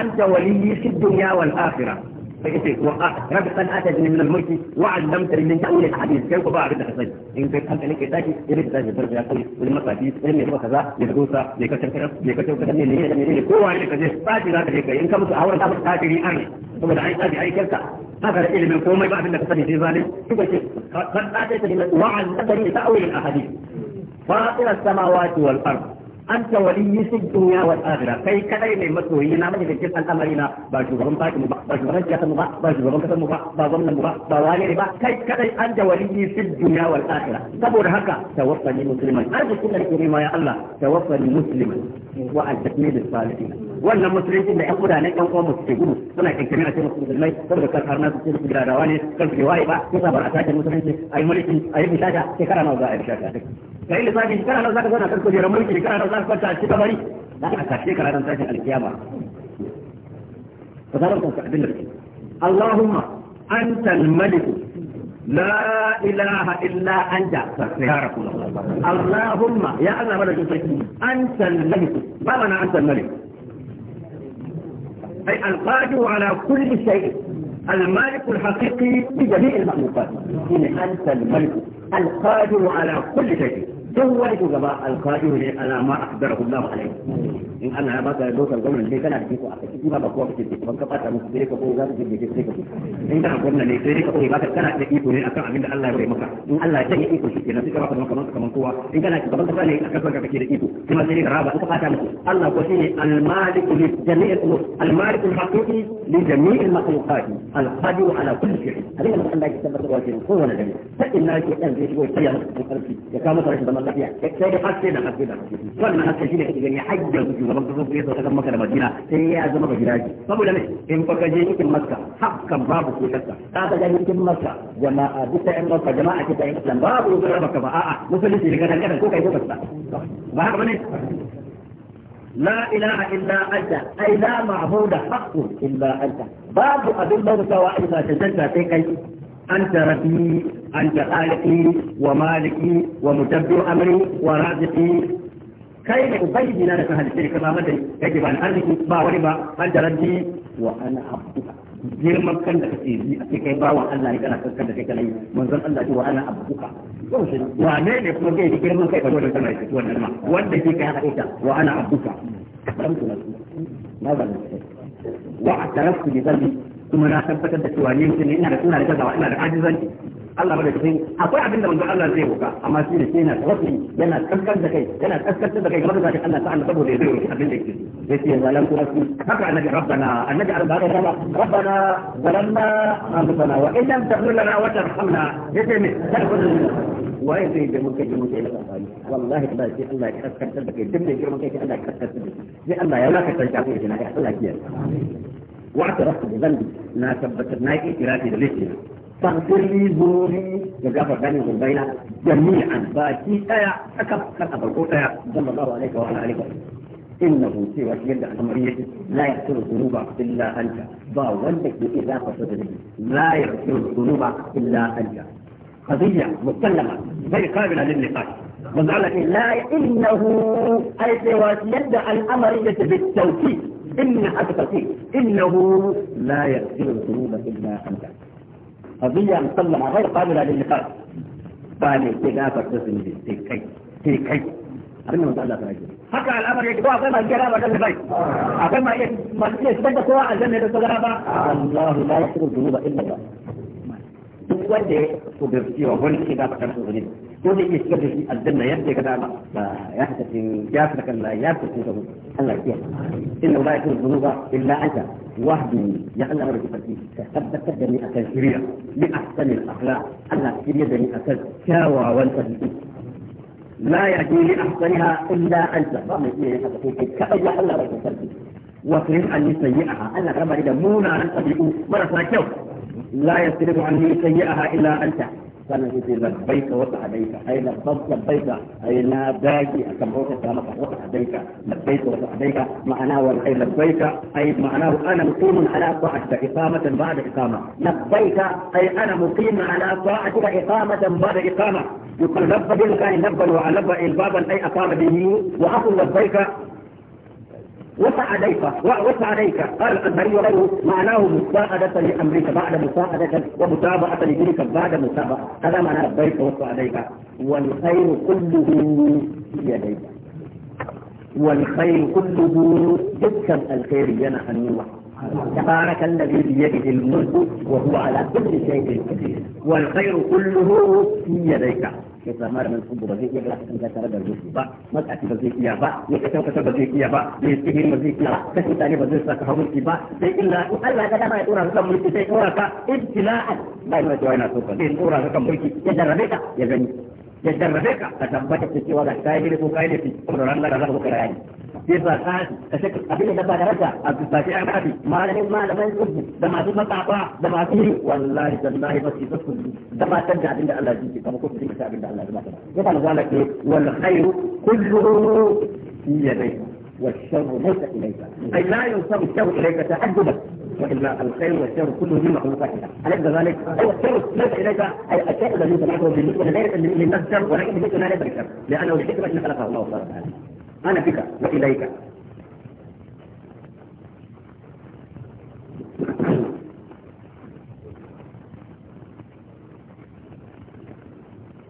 أنت ولي في الدنيا والآخرة ربك أن أتتني من الملك وعلمتني من تأويل الحديث كيف بقى بدك تصير إن كنت أنت لك تاجي يريد تاجي الدرجة يقول والمصاريف إن يبقى كذا يدوسا يكتر كذا يكتر كذا من يمين من يمين هو عليك زي تاجي لا تجيك إن كم تعور تعور تاجي لي أنا ثم العين تاجي أي كذا هذا إلى من قوم يبقى بدك تصير في ظالم قد أتتني وعلمتني تأويل الأحاديث فاطر السماوات والأرض anta waliyyi fi dunya wal akhirah kai kadai ne masoyi na mace da cikin al'amari na ba shugaban baki mu ba ba shugaban siyasa mu ba ba shugaban kasar mu ba ba gwamnan mu ba ba wani ne ba kai kadai anta waliyyi fi dunya wal akhirah saboda haka tawaffani musliman arzikin da ke nema ya Allah tawaffani musliman wa'an takmilin salihin wannan musulunci da yan kudanen yan uwan musu ke gudu suna kankani a cikin musulmai saboda kan har nasu cikin gidadawa ne kan su waye ba ko sabar a sake musulunci a yi mulki a yi bishata shekara nawa za a yi bishata duk kai lissafi shekara nawa za ka zauna kan kujerar mulki shekara nawa za ka kwanta a cikin kabari za ka kashe shekara nan tashin alkiyama ka zaɓar kanka abin da kake Allahumma anta al-malik لا إله إلا أنت يا رسول الله اللهم يا أنا ملك أنت الملك ما معنى أنت الملك أي القادر على كل شيء المالك الحقيقي لجميع المخلوقات إن أنت الملك القادر على كل شيء duk wani shugaba alƙa'iru ne ala ma akbarahu Allah alai in Allah ya baka dokar gwamnati dai kana da kiko a cikin ba kowa kake da ban ka bata musu sai ka koyi za ka je sai ka in kana gwamnati ne sai ka koyi baka kana da iko ne akan abin da Allah ya bai maka in Allah ya yi iko shi kenan sai ka baka kamar kamar kowa in kana gaban kasa ne akan kanka kake da iko kuma sai ka raba ka bata musu Allah ko shine al-malik li jami'il umur al-malik al-haqiqi li jami'il makhluqat al-qadir ala kulli shay'in abin da Allah ya tabbata wa jin kowa da dalili sai in na ke dan zai shigo kiyama da karfi ya kama rashin zaman lafiya sai da haske da haske da haske wannan haske shi ne kake gani hajjar shugaban kasar ya sauka maka da madina sai ya zama ga gidaje saboda ne in ka je cikin makka hakan babu ko shakka ka ga gani cikin makka jama'a duka yan makka jama'a ce ta yan islam babu ko raba ka ba a'a musulunci ne kadan kadan ko kai ko ba ba haka bane لا إله إلا أنت أي لا معبود حق إلا أنت باب أبن الله سواء ما تزلت في كيف أنت ربي أنت خالقي ومالكي ومدبر أمري ورازقي كيف أبين لك هذه الشركة ما مدري يجب أن أرزقك ما وربا أنت ربي وأنا عبدك girman kan da kake yi a kai bawan Allah ne kana kan da kake yi manzon Allah ce wa ana abuka wa ne ne kuma kai girman kai kawai da kana yi wannan ma wanda ke kai haƙiƙa wa ana abuka na zalunta wa atarafu bi dhanbi kuma na tabbatar da cewa ni mutum ina da ina da gazawa ina da ajizanci Allah bada cikin akwai abin da manzo Allah zai roka amma shi ne yana tawakkali yana kaskar da kai yana kaskar da kai game da zakin Allah ta'ala saboda ya zai abin da yake yace ya zalan ku rasul haka annabi rabbana annabi rabbana rabbana zalanna anfusana wa in lam taghfir lana wa tarhamna yace ne tadkhulun wa yace da muke da muke da amfani wallahi kada sai Allah ya kaskar da kai duk da girman kai Allah ya kaskar da kai sai Allah ya laka tantaku da kai Allah ya kiyaye واعترفت بذنبي ما ثبتت ما اعترافي بالاسم فاغفر لي ذنوبي وجعفر بني ذنبينا جميعا باكي ايا اكب ابو القوت ايا صلى الله عليه وعلى اله وسلم انه في وسيله الامريه لا يغفر الذنوب الا انت با ولدك قصد لي لا يغفر الذنوب الا انت قضيه مسلمه غير قابله للنقاش وقال لك لا انه اي في وسيله الامريه بالتوكيد إن حدث فيه إنه لا يغفر الذنوب إلا أنت قضية أن غير قابلة للنقاش قال اتقاف الرسم في كي في كي أرمي من الله تعالى حكى الأمر يجب أن أقام الجرابة جل بيت أقام مجلس بيت سواء الجنة الجرابة الله لا يغفر الذنوب إلا أنت وجه تبرتي وهن اتقاف الرسم في ko zai iya shigar da shi aljanna yadda ya ga dama ya haka cikin ya fi kan ya fi cikin gaba Allah ya inna la yakun dhunuba illa anta wahdi ya Allah rabbi fati ka tabbatar da ni akan shari'a li ahsanil akhlaq Allah shirya da ni akan kyawawan tabi'i لا يأتي لأحسنها إلا أنت فما يأتي لأحسنها كأجل الله رب العالمين وكرم عني سيئها أنا كما إذا مونا أن أبيئ مرة لا يسترد عني سيئها إلا أنت سنه لبيك وضع عليك اي لبيك لبيك اي لا باقي كم روح سلامك لبيك وضع معناه اي لبيك اي معناه انا مقيم على طاعتك اقامه بعد اقامه لبيك اي انا مقيم على طاعتك اقامه بعد اقامه يقول لبى بالغاي لبى وعلبى البابا اي اقام به واقول لبيك وسع عليك وسع عليك قال البري وغيره معناه مساعدة لأمرك بعد مساعدة ومتابعة لدينك بعد متابعة هذا معنى لبيك وسع عليك والخير كله يديك والخير كله جدك الخير ينا أنوه تبارك الذي بيده الملك وهو على كل شيء قدير والخير كله في يديك ya samu da mai kubura zai iya da kasan ka tare da zuci ba matsaci ba zai iya ba ya kasan kasa ba zai iya ba ya sihiri ba zai iya kashi tare ba zai sa ka hagunki ba sai illa in Allah ka dama ya tsora ka mulki sai tsora ka ibtila'an ba ina cewa yana so ka zai tsora ka mulki ya jarrabe ka ya gani ya jarrabe ka ka tabbata da cewa ga kai ne ko kai ne ki ko ran da zaka buka yayi sai ba ka ka sai abin da ba daraja a tsaki a kafi malamin malamin kudu da masu matsafa da masu yi wallahi tallahi ba su kudu da ba san da abin da Allah yake kuma ko su dinga abin da Allah ya ba ya ba zala ke wal khairu kulluhu fi yadayka والشر ليس اليك اي لا ينصب الشر اليك تعجبا وإلا الخير والشر كله من مخلوقات الله أليس كذلك؟ هو الشر ليس إليك الشيء الذي صنعته بالنسبة للناس شر ولكن بالنسبة لنا ليس بشر لأنه الحكمة خلقه الله سبحانه وتعالى أنا بك وإليك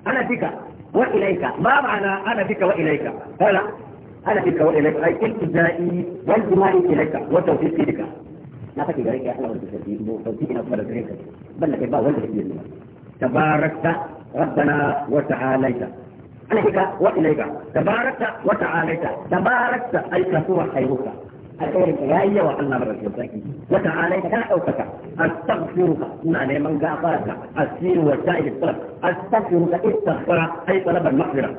أنا بك وإليك ما معنى أنا بك وإليك قال أنا بك وإليك أي التجائي والجمال إليك وتوفيقي بك na kake gare ka Allah wanda sarki mu sauki ina fara gare ka balla kai ba wanda kake yi tabarakta rabbana wa ta'alaita عليك وإليك تباركت وتعاليت تباركت أي كثر خيرك alkhairin ka yayi yawa Allah barka saki wa ta'ala ka daukaka astaghfiruka ina neman gafararka asiru wa ta'id talab astaghfiruka istaghfara ay talab al-maghfirah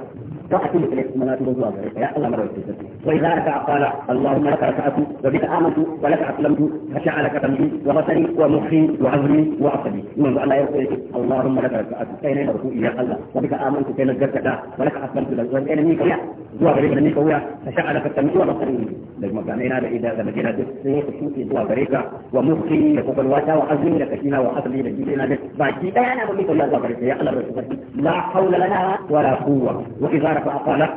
تحكم في الاحتمالات والظواهر يا الله مرة واحده وإذا ركع قال اللهم لك ركعت وبك آمنت ولك أسلمت فشع لك قلبي وبصري ومخي وعذري وعصبي من أن يقول اللهم لك ركعت اين ركوعي يا الله وبك آمنت كاين الجركة ولك أسلمت وكاين منك يا ظواهر ابن ميك ويا فشع لك قلبي وبصري لما كان هذا إذا لما جينا دسي خشوعي ظواهرك ومخي لكوك الواتا وعذري لك شينا وعصبي لك جينا باكي أنا مميك يا ظواهرك يا الله لا حول لنا ولا قوة وإذا تبارك وتعالى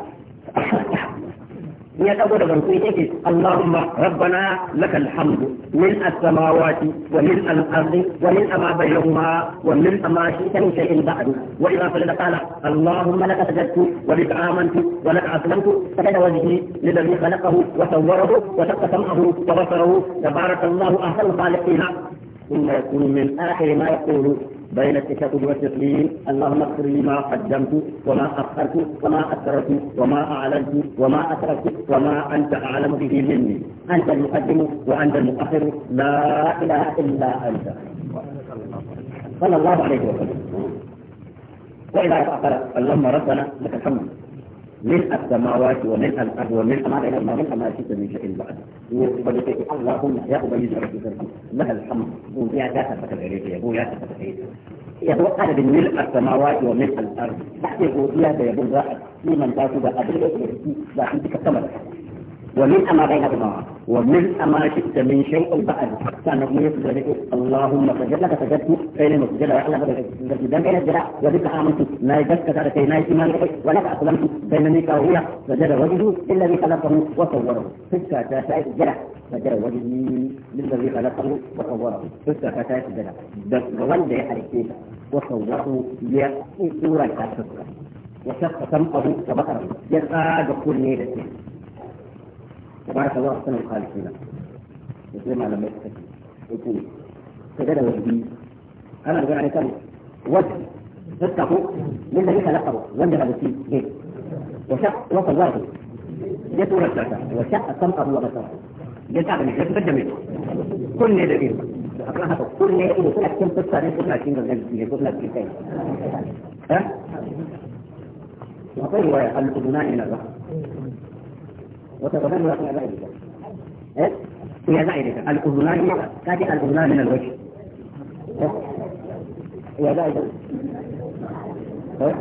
يا تقول بنقول اللهم ربنا لك الحمد من السماوات ومن الارض ومن ما بينهما ومن ما شئت من شيء بعد واذا صليت قال اللهم لك سجدت ولك امنت ولك اسلمت فكان وجهي للذي خلقه وصوره وشق سمعه وبصره تبارك الله اهل الخالقين ثم يكون من اخر ما يقول بين التشهد والتسليم اللهم اغفر لي ما قدمت وما اخرت وما اسررت وما اعلنت وما اثرت وما انت اعلم به مني انت المقدم وانت المؤخر لا اله الا انت صلى الله عليه وسلم واذا تاخر اللهم ربنا لك الحمد من السماوات ومن الارض ومن ما الى ما ما شئت من شيء بعد وبدك اللهم يا ابي جرك لها الحمد يا ذات فتغريك يا ابو يا يا ابو قال بالملء السماوات وملء الارض بعد يقول يا ابو ذات في من ابي ده ابو ذات ذات كتمت ومن أما بينهما ومن أما شئت من شيء بعد كان يسجد اللهم سجد لك سجدت فين مسجد على الجدام الى الجراء وبك آمنت لا يجدك على ناي إيمان ولك أسلمت بين نيكا وهي سجد وجهه الذي خلقه وصوره فكا تاسعي الجراء سجد وجهه للذي خلقه وصوره فسكة تاسعي الجرع وولد يحرك وصوره يأتي صورة وشق سمقه سبقره يسعى دخول نيرته تبارك الله أحسن الخالقين يسلم على ميتك يقول سجد وجهي أنا أقول عليك وجه فاتقوا للذي خلقه وانجب بالسين جيد وشق وصل جت ولا السعدة وشق سمقه جت يلتعب من جسد منه كل دقيقة أقرأها كل يقول لك كم قصة يقول لك كم قصة يقول لك كم قصة ها؟ وقال رواية الأذنان إلى الرحم وتتضمن خيابة الرجال إيه؟ خيابة الرجال الأذنان تأتي الأذنان من الوجه خيابة الرجال إيه؟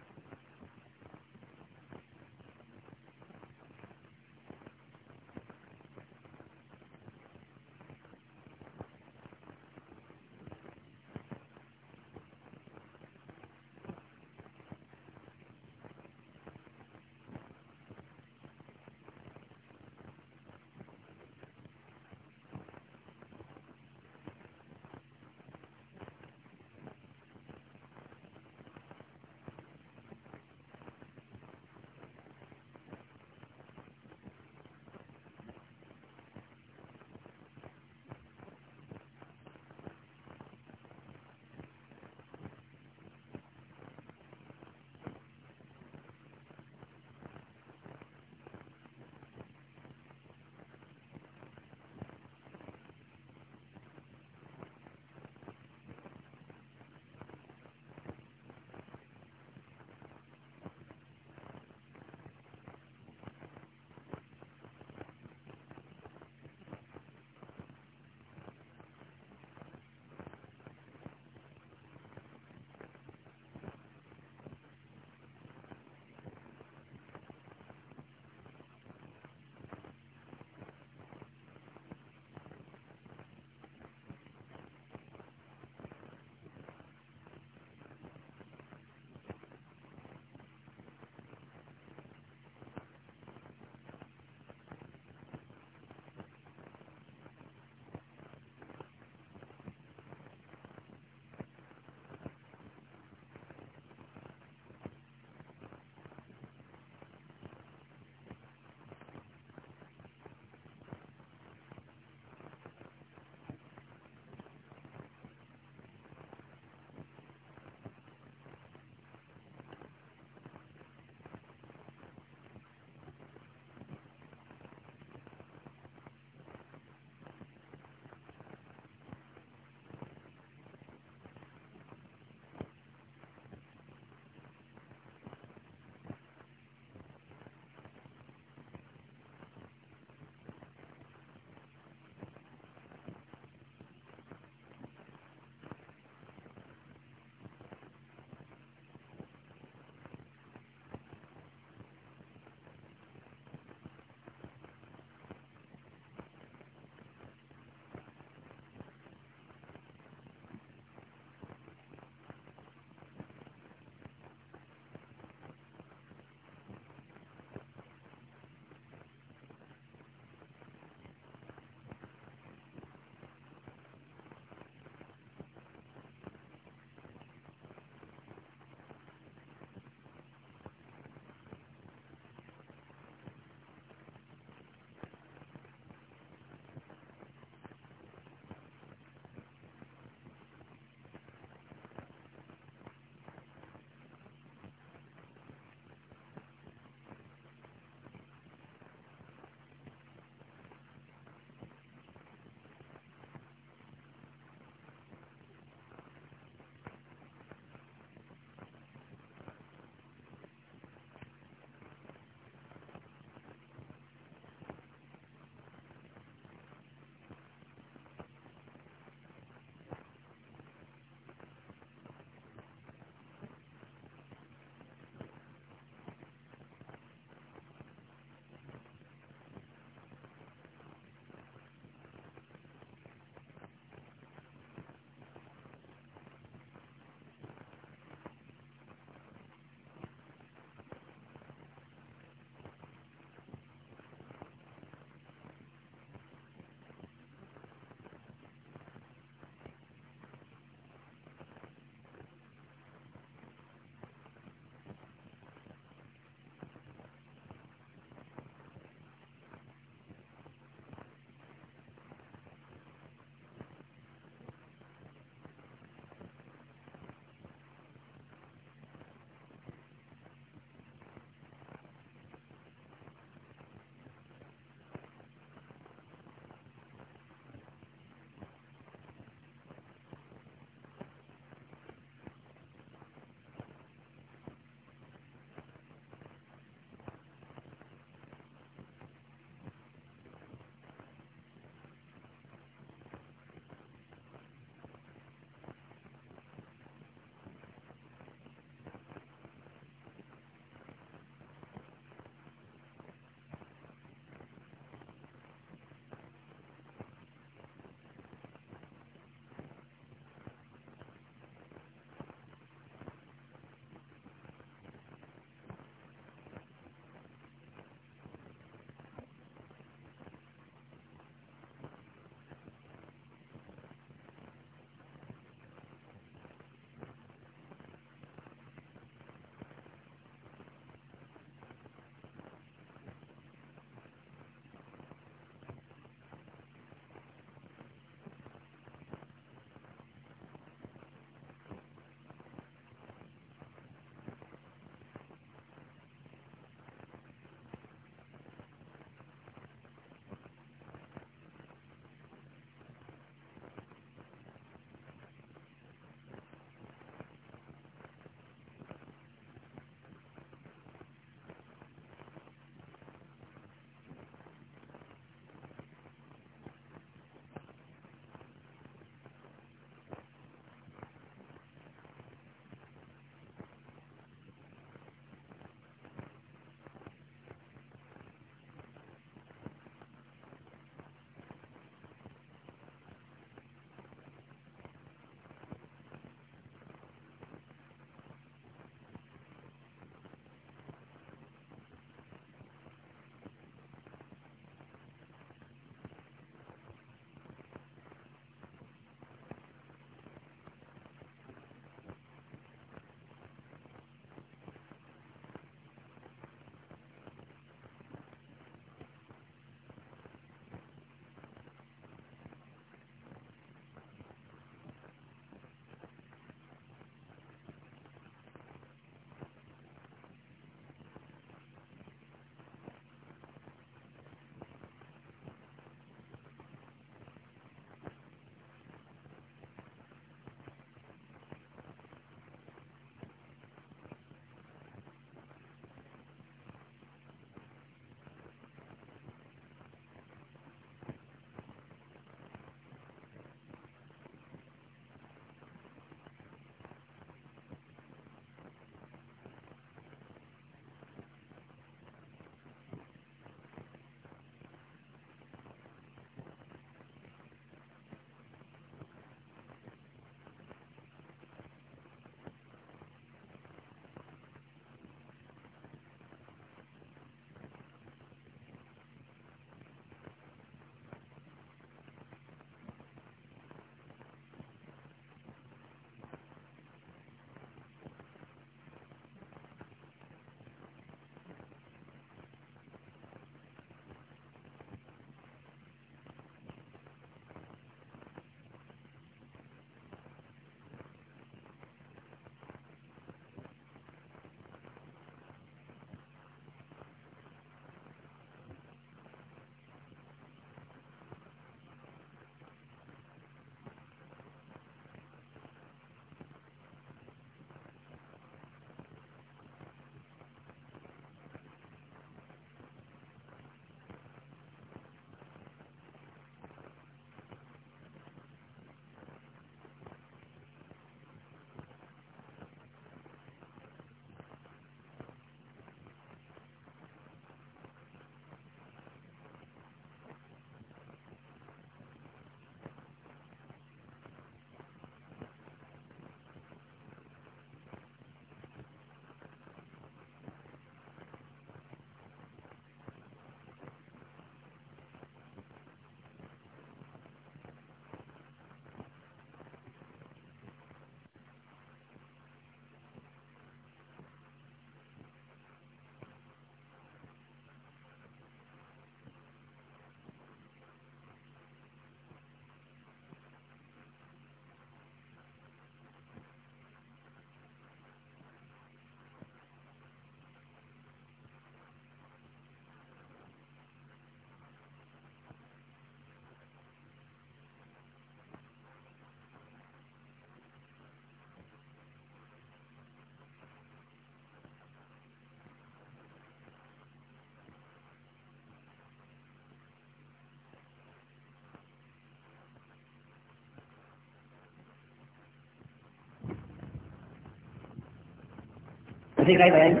sai kai bayani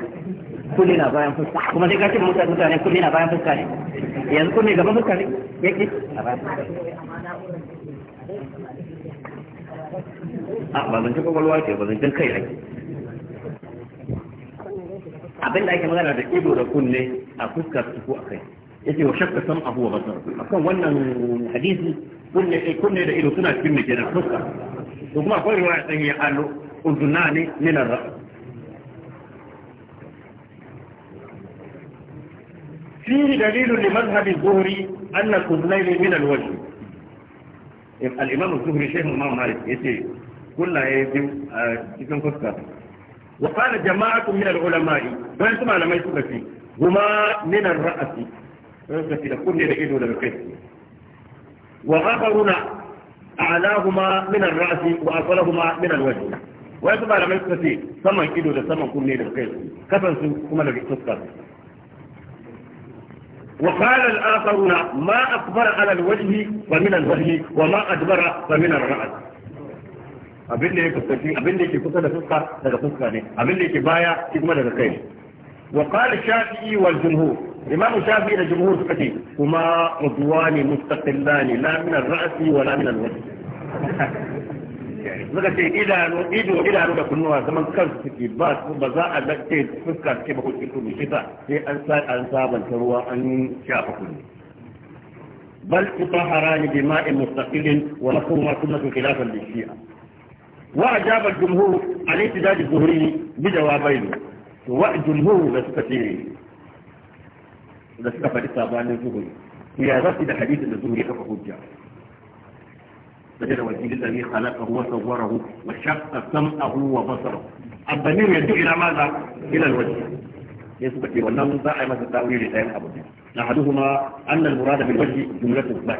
kulli na bayan fuska kuma sai ka ce mutane mutane kulli na bayan fuska ne yanzu kulli gaban fuska ne yake a bayan fuska a ba zancen kwakwalwa ce ba zancen kai ake abin da ake magana da ido da kunne a fuskar su ko akai yake wa shakka san abu wa basar akan wannan hadisi kunne kunne da ido suna cikin mai kenan fuska to kuma akwai riwaya sahiha allo uzunani min ar فيه دليل لمذهب الزهري أن الأذنين من الوجه الإمام الزهري شيخ الإمام مالك يسير كل يجب تكون فسكة وقال جماعة من العلماء فأنتم على ما يسوك فيه هما من الرأس فأنتم إذا كل يدعين ولا وآخرون أعلاهما من الرأس وأصلهما من الوجه ويتبع لما يسوك فيه سمن كيدو ده سمن كل يدعين كفن سوك كما لك فسكة وقال الآخرون ما أكبر على الوجه فمن الوجه وما أدبر فمن الرأس abin da ya fuskanci abin da yake kusa da fuska daga fuska ne abin da yake baya shi kuma daga kai wa qala shafi'i wal jumhur imam shafi'i da jumhur suka ce kuma udwani mustaqillani la min ar-ra'si wa la min al-wajh suka ce idanu ido idanu da kunnuwa zaman kansu suke ba su ba za a dace fuska suke ba kuɗi kuɗi shi sai an sa an sabanta ruwa an shafa kuɗi bal tutahharani bima'in mustaqilin wa lakum ma kuntum khilafan lishi'a wa ajaba al-jumhur al-ihtidaj az-zuhri bi jawabayn wa jumhur da suka ce da suka faɗi sabanin zuhuri ya zafi da hadisin da zuhuri aka hujja غير وجيه الذي خلقه وصوره وشق سمعه وبصره الضمير يدعو الى ماذا؟ الى الوجه يثبت والنظر دائما في التاويل لسان ابو الدين احدهما ان المراد بالوجه جملته بس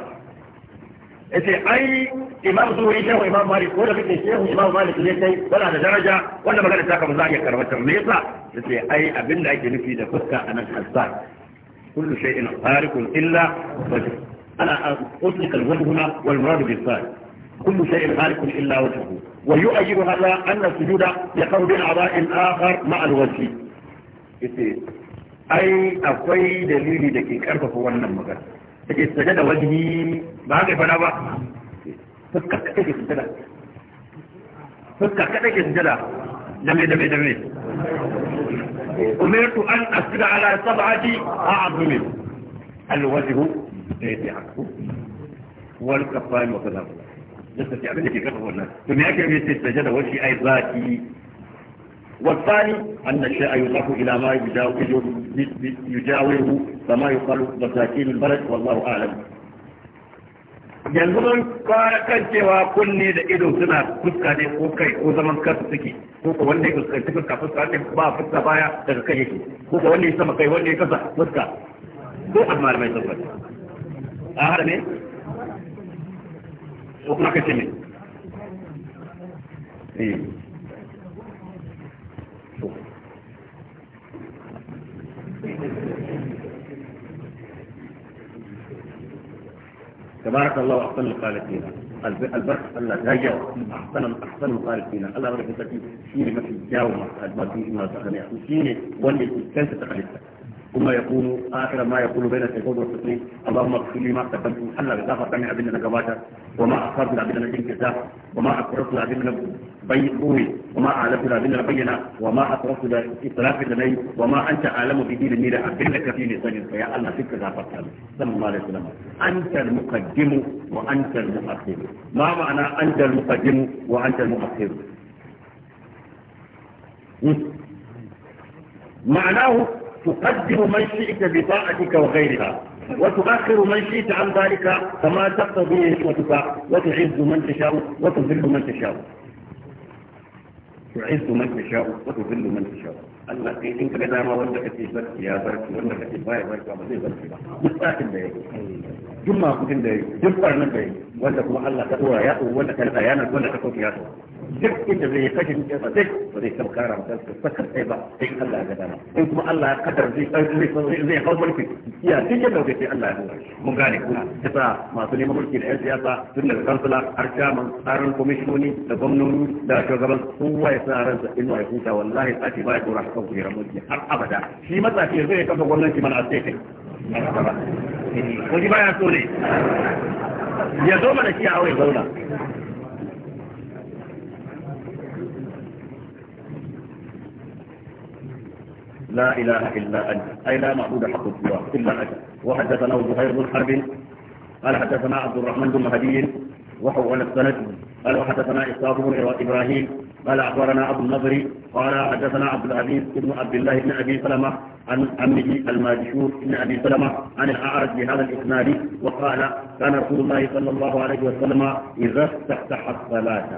إذا أي إمام زوري شيخ وإمام مالك ولا في الشيخ وإمام مالك ليتي ولا على درجة ولا مجال الساقة مزاعية كربتة مليطة إذا أي أبن أي في دفتك أنا الحزار كل شيء خارق إلا وجه أنا أطلق الوجه هنا والمراد بالصالح كل شيء خالق إلا وجهه ويؤيد هذا أن السجود يقع بالأعضاء الآخر مع الوجه أي أقوي دليل دكي كرفف وانا مغر سجد وجهي ما فلا با فكك كتك سجد فكا سجد دمي دمي دمي أمرت أن أسجد على سبعة أعظم الوجه إيه؟ والكفان وكذا abin da ke kafa wannan to me والثاني أن الشيء إلى ما يجاوره فما يقال البلد والله أعلم yanzu mun fara kan cewa kunne da ido suna fuska ne ko kai ko zaman kansu suke ko ko wanda ya fuska fuska ne ba fuska baya daga kai yake ko ko wanda ya sama kai wanda kasa fuska ko amma a تبارك الله احسن القالتين البرك الله تاجر احسن احسن القالتين الله ربك في شيء ما في الجاوه ما في ما تخليه شيء وين كنت تخليه ثم يقول آخر ما يقول بين الشيخوخه والتسليم اللهم اغفر لي ما من حلا بالغفر سمع بنا نجواتا وما أخرت لعبنا الانكسار وما أكرت لعبنا بوي وما أعلمت لعبنا بينا وما أكرت لإطلاف لني وما أنت أعلم في دين النيل أبنك في لسان فيا الله فيك غفر صلى الله عليه وسلم أنت المقدم وأنت المؤخر ما معنى أنت المقدم وأنت المؤخر معناه تقدم من شئت بطاعتك وغيرها وتؤخر من شئت عن ذلك كما تقتضي عصمتك وتعز من تشاء وتذل من تشاء تعز من تشاء وتذل من تشاء الله في انت كذا ما ودك في بس يا بس ودك في باي باي كما زي بس مستاك اللي جمعه كنت اللي جمعه كنت اللي ودك الله تقوى يا ودك الايام ودك تقوى يا duk inda zai kashe dukiyarsa duk ba zai taɓa kara masa sakar sai ba sai Allah ya ga dama in kuma Allah ya kadar zai zai hau mulki ya duk yadda zai sai Allah ya ga mun gane kuna kasa masu neman mulki da 'yan siyasa tun daga kansula har shaman tsarin komishoni da gwamnoni da shugaban kowa ya sa ransa in wa ya huta wallahi tsafi ba ya dora kan kujerar mulki har abada shi matsafi zai kafa gwamnati mana a sai kai ko ji baya so ne ya zo mana shi a wai zauna لا إله إلا أنت أي لا معبود حق سواه إلا أنت وحدثنا زهير بن حرب قال حدثنا عبد الرحمن بن مهدي وهو السند قال وحدثنا إسحاق بن إبراهيم قال أخبرنا أبو النضر قال حدثنا عبد العزيز بن عبد الله بن أبي سلمة عن عمه الماجشور بن أبي سلمة عن الأعرج بهذا الإسناد وقال كان رسول الله صلى الله عليه وسلم إذا استفتح الصلاة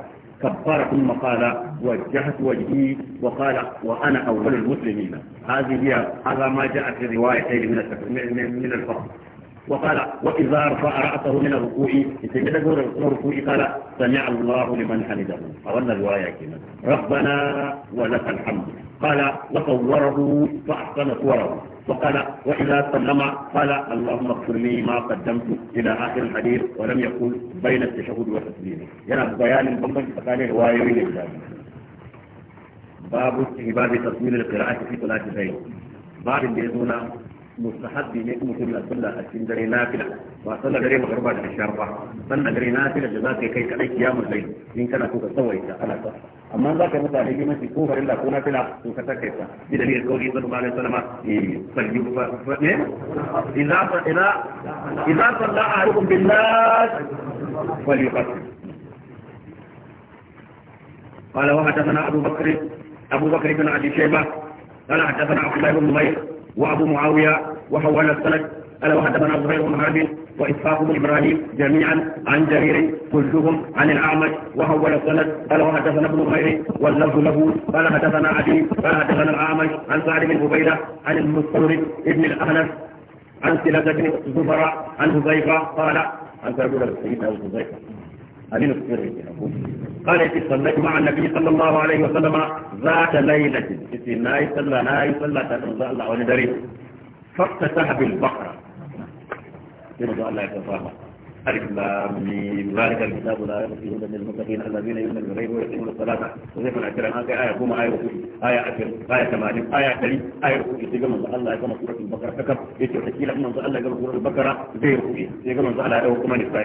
كفر ثم قال وجهت وجهي وقال وانا اول المسلمين هذه هي هذا ما جاء في روايتين من من الفقه وقال وإذا رفع رأسه من الركوع يسجد الركوع قال سمع الله لمن حمده أولنا الرواية كما ربنا ولك الحمد قال وصوره فأحسن صوره وقال وإذا سلم قال اللهم اغفر لي ما قدمت إلى آخر الحديث ولم يقل بين التشهد والتسليم يرى بيان بمن فقال رواية باب استهباب تصوير القراءة في صلاة الليل بعد اللي mustahabbi ne kuma kuma sallah a cikin dare nafila ba sallah dare magarba da ishar ba sallah dare nafila da za ka kai kadai kiyamul layl in kana so ka tsawaita ana ta amma za ka mutane ne mafi ko farilla ko nafila to ka take ta bi da ne kauri sallallahu alaihi wasallam eh sallu fa ne idza fa ila idza salla ahadukum billah falyuqatil قال وحدثنا ابو بكر ابو بكر بن ابي شيبه قال حدثنا عبد الله بن نمير وأبو معاوية وحول السند ألا وحدثنا زهير بن حرب وإسحاق بن إبراهيم جميعا عن جرير كلهم عن الأعمش وهو السند الا وحدثنا ابن خير واللفظ له قال حدثنا علي قال حدثنا الأعمش عن سعد بن عبيدة عن المستورد ابن الأحنف عن سلاسة بن زفر عن حذيفة قال عن سلسة بن حذيفة أمين السر قال يتي صليت مع النبي صلى الله عليه وسلم ذات ليلة يتي لا يصلى لا يصلى تنزع الله وندري فافتتح بالبقرة يرضى الله يتفاهم ألف الله من ذلك الكتاب لا يرسيه من المتقين الذين يؤمنون بالغيب ويحسنون الصلاة ويقيمون الأجر هذه آية كما آية وكل آية أجر آية ثمانين آية تلي آية وكل يجي من الله يقوم سورة البقرة كتب يجي تحكي لك من الله يقوم سورة البقرة زي وكل يجي من الله يقوم كما نفسه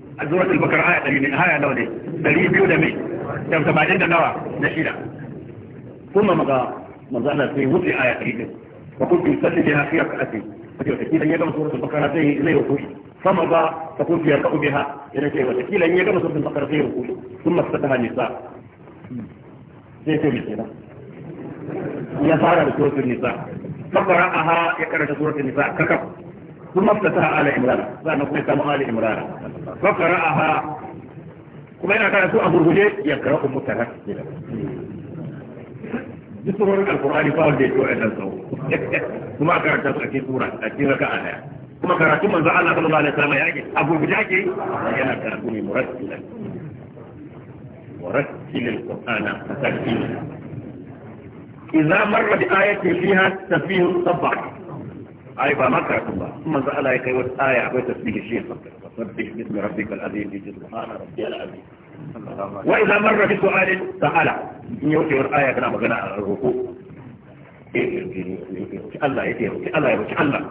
a zuwa tilbakar aya ɗari ne aya nawa ne ɗari biyu da mai da tamanin da nawa na shida kuma maga manzana sai wuce aya ɗari ɗin wa kuntum salliha fi rak'ati kace ta kidan ya gama suratul bakara sai zai rukuci sama ba ta kuntu ya kabu biha yana ce wata kilan ya gama suratul bakara sai rukuci sun masataha nisa zai ce mai kenan ya fara da suratul nisa fakara aha ya karanta suratul nisa kakaf ثم افتتح على عمران فأنا قلت على عمران فقرأها كما إن كان سوء أبو الهجير يقرأ متركزا بسرور القرآن فاول دي سوء الأنسو كما كانت أكيد سورة أتي ركعها كما كانت ثم زعل الله صلى الله عليه وسلم يأتي أبو الهجاكي أنا كان مرسلا ورسل القرآن ترتيلا إذا مر بآية فيها تفيه الصبع أي فمرت الله ثم سأل أي كيوت آية أقول تسبيه الشيخ سبح باسم ربك العظيم سبحان ربي العظيم وإذا مر بسؤال تعالى يوتي الآية بنا مغناء الرقوع الله يتيه الله يتيه الله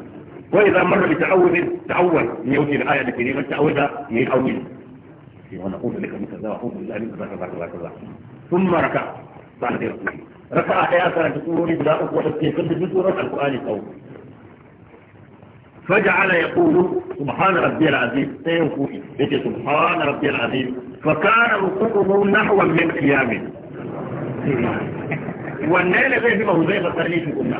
وإذا مر بتعوذ تعوذ يوتي الآية الكريمة تعوذ من الأول ونقول لك من كذا وحوذ بالله من كذا كذا كذا كذا ثم ركع بعد ركوعه رفع حياته تقول لي بلا أقوى تكيف تقول لي القرآن الأول فجعل يقول سبحان ربي العظيم سينفوه إيه سبحان ربي العظيم فكان رقوقه نحوا من قيامه والنيل غير ما هو زيب الترليس الأمة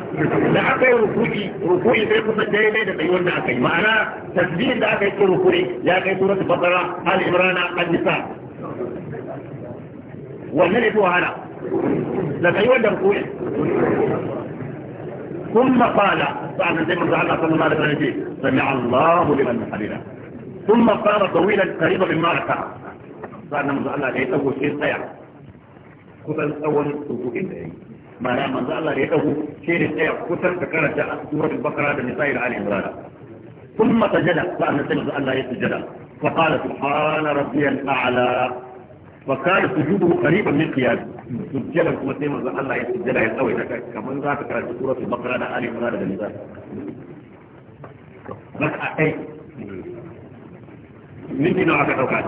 لحقه رقوقي رقوقي فيه فتاية بيدة بيوان تسجيل معنى تسبيل دعكي رقوقي يا كي سورة بطرة آل عمران نساء والنيل فيه هنا لا تيوان دعكوه ثم قال فعلا زي الله صلى الله عليه وسلم سمع الله لمن حمده ثم قال طويلا قريبا مما ركع فعلا من الله ليه أول شيء سيع كتن أول ركوعين ما لا من الله ليه أول شيء سيع كتن فكانت سورة البقرة بالنساء العالي إمرانا ثم سجد فعلا من ما الله يسجد فقال سبحان ربي الأعلى وكان سجوده قريبا من قيامه سجل كما سيما ذا الله يسجد قوي كما ذاك كان سورة البقرة على آل عمران ده نزاع بس أي من دي نوعك أوقات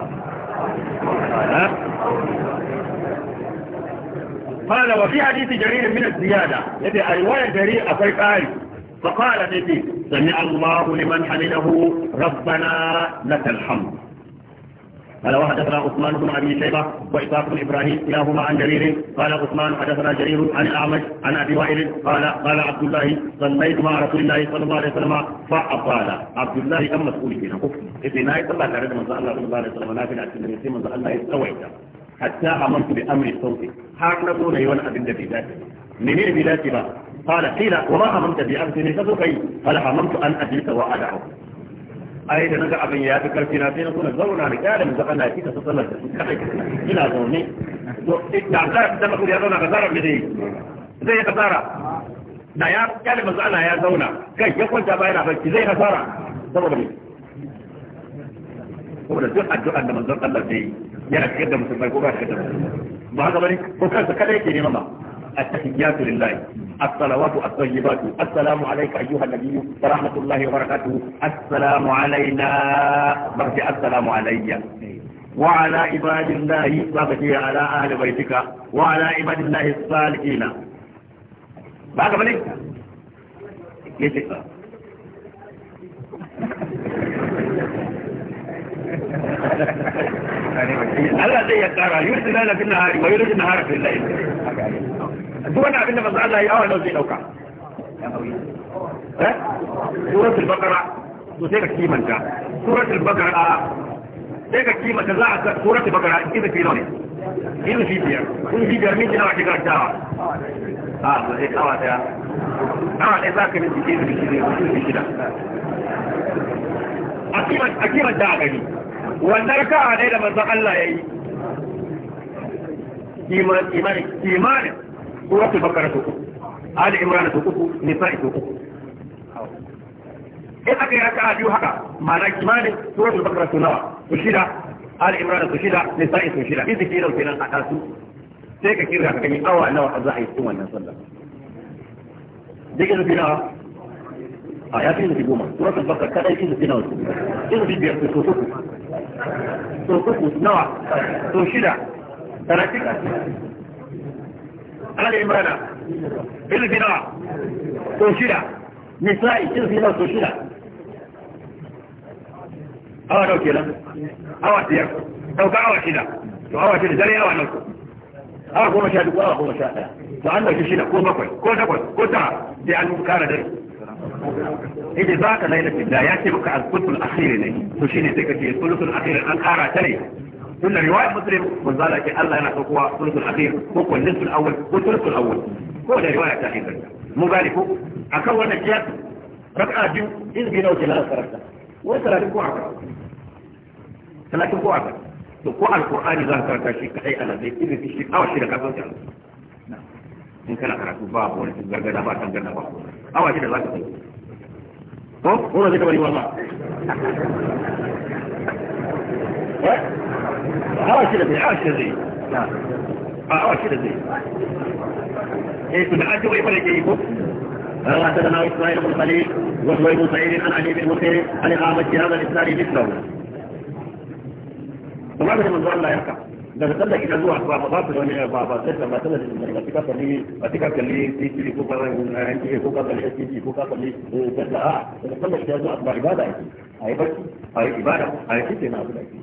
قال وفي حديث جرير من الزيادة يدي رواية جرير أفرق قال فقال نبي سمع الله لمن حمله ربنا لك الحمد قال وحدثنا عثمان بن ابي شيبه واسحاق بن ابراهيم كلاهما عن جرير قال عثمان حدثنا جرير عن اعمش عن ابي وائل قال قال عبد الله صليت مع رسول الله صلى الله عليه وسلم فقال عبد الله كم مسؤول فينا في نهايه الله تعالى من صلى الله عليه وسلم نافل عن النبي من صلى الله عليه وسلم حتى امرت بامر صوتي حاكم نقول ايوه ابن ذاتي من بذاتي بقى قال قيل وما هممت بامر فسوف قال هممت أن أجلس وأدعه ai da naga abin ya fi karfi na sai na kuna zauna da kyalan zaka na kika su sallar da su kai ina zaune to eh, da ka da ku ya zauna ka zara me dai zai ya kasara da ya kyalan manzo ya zauna kai ya kwanta bayan barci zai kasara saboda ko saboda duk addu'a da manzon Allah zai yana cikin da musulmai ko ba cikin da musulmai ba haka bane ko kansa kada yake neman ba التحيات لله الصلوات الطيبات السلام عليك أيها النبي ورحمة الله وبركاته السلام علينا برجع السلام علي وعلى عباد الله وبكي على أهل بيتك وعلى عباد الله الصالحين بعد ملك يتكى Allah zai ya kara في النهار fi nahari wa yursu duk wani abin da manzo Allah ya awa nawa zai dauka eh suratul baqara to sai ka kimanta suratul baqara sai ka kimanta za a ka suratul baqara idan fi nawa ne idan fi biyar kun fi biyar miji nawa kika tawa a to sai kawa ta awa dai za ka yi cikin da shida a kimanta a gani wannan raka'a ne da manzo Allah ya yi kimanin suratul bakara to ali imran to uku nisa'i to uku in aka yi raka'a biyu haka ma'ana kimanin suratul bakara to nawa to shida ali imran to shida nisa'i to shida in zikira kenan a tasu sai ka kira ka gani awa nawa za a yi cikin wannan sallah dukkan fina a ya fi nufi goma suratul bakara kadai in zikira wasu in zikira biyar to uku to uku nawa to shida ala imrana ilfi nawa to shida nisa'i ilfi nawa to shida awa nau nan, awa biyar dauka awa shida to awa shida dare awa nau awa goma sha duk awa goma sha daya to an dauki shida ko bakwai ko takwas ko tara sai an kara dare idan ba ka lailatul da ya ce maka al-qutbul akhir ne to shine sai ka ce al-qutbul akhir an kara ta ne قلنا رواية مسلم وذلك الله أنا هو ثلث الأخير هو النصف الأول هو الثلث الأول هو رواية تقريبا مبارك أكون الجاب ركعة جو إذ نوتي لا أسرقت وثلاث كوعة ثلاث كوعة تقوى القرآن إذا كانت شيء كحي أنا ذي إذن في شيء أو شيء لك نعم. إن كان أخرج باب ولا تجرد باب تجرد باب أو شيء لك هو هو ذي كبري والله حرام كده زي حرام كده زي حرام كده زي ايه كنت حاجة وايه فلك ايه حدثنا اسماعيل بن خليل وهو بن سعيد عن علي بن مسير عن الاعمش هذا الاسلام مثله طبعا من ظن لا يركع da ka tsallake ka zuwa ba ba su wani ba ba sai ka ba tsalla da ba tika kalli ba tika kalli titi ko ka hanki ko ka kalli titi ko ka kalli da a da tsallake ka zuwa ba ibada ake a yi barci a yi ibada a yi titi na abu da ake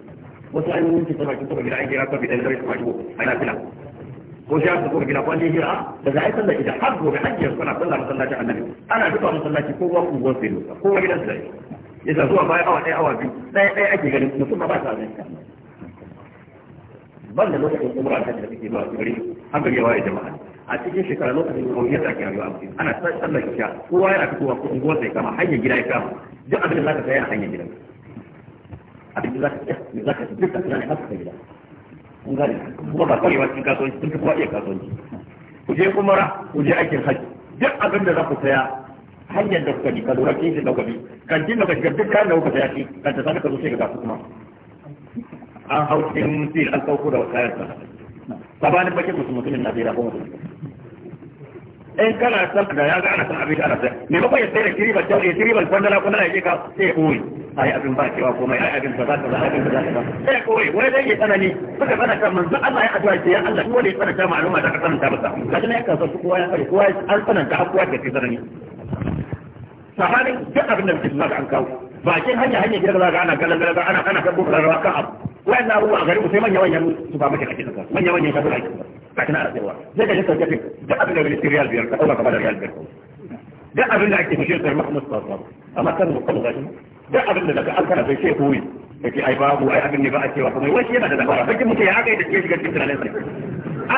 wasu an yi ta bakin kuma gida an gira kwafi ɗan zai kuma shigo ana ko shi haka kuma gida kwanan jira da za a yi sallah ita har gobe an jira suna sallah masallaci annabi ana duka masallaci ko wa unguwar sai duka ko wa sai yasa zuwa bayan awa ɗaya awa biyu ɗaya ɗaya ake ganin mutum ba sa zai ban da lokacin umra ta da kake zuwa tsibiri haka yawa ya jama'a a cikin shekara lokacin da kawai ya sake rayuwa ana sallar isha kowa yana fitowa ko unguwar sai kama hanyar gida ya kama duk abin da za ka saya a hanyar abin da za ka iya za ka duk da tunanin haka gida kun gane kuma ba kwarewa cikin kasuwanci sun kuma iya kasuwanci ku je umara ku je aikin hajji duk abin da za ku saya hanyar da kuka bi ka lura kin shi da kuka bi kan kin da ka shiga duk kayan da kuka saya shi kan ta sani ka zo sai ka gasu kuma an hau cikin mutum an sauko da kayan sa sabanin bakin mutum mutumin Najeriya ko mutum in kana san da ya ga ana san abin ana san me ba ya sai da kiriban da ya kiriban kwandala ya yake ka sai A yi abin ba cewa komai yi abin da za ka abin da za ka sai kuri wani zai yi tsanani suka tsana kan manzo Allah ya addu'a ya Allah kuma da ya tsana ta da ka tsananta masa kaga ne ka san kowa ya fara kowa an tsananta har da ke tsanani sahabin duk abin da mutum an kawo bakin hanya hanya gidan da ana ana ana kan ka abu wayannan abubuwa a garin sai manya manyan su ba manya لكن أعرف الله زي جدا جدا جاء بنا بالاستريال بير أولا قبل ريال بير جاء بنا اكتشير بير محمد صغر أما كان مقبل غاشم جاء بنا لك أكنا في شيء هوي في أي باب وأي أبن نباء الشيء وقمي وش يبدا دفعه بجي مكي عاقي تشيش قد كتنا لنسي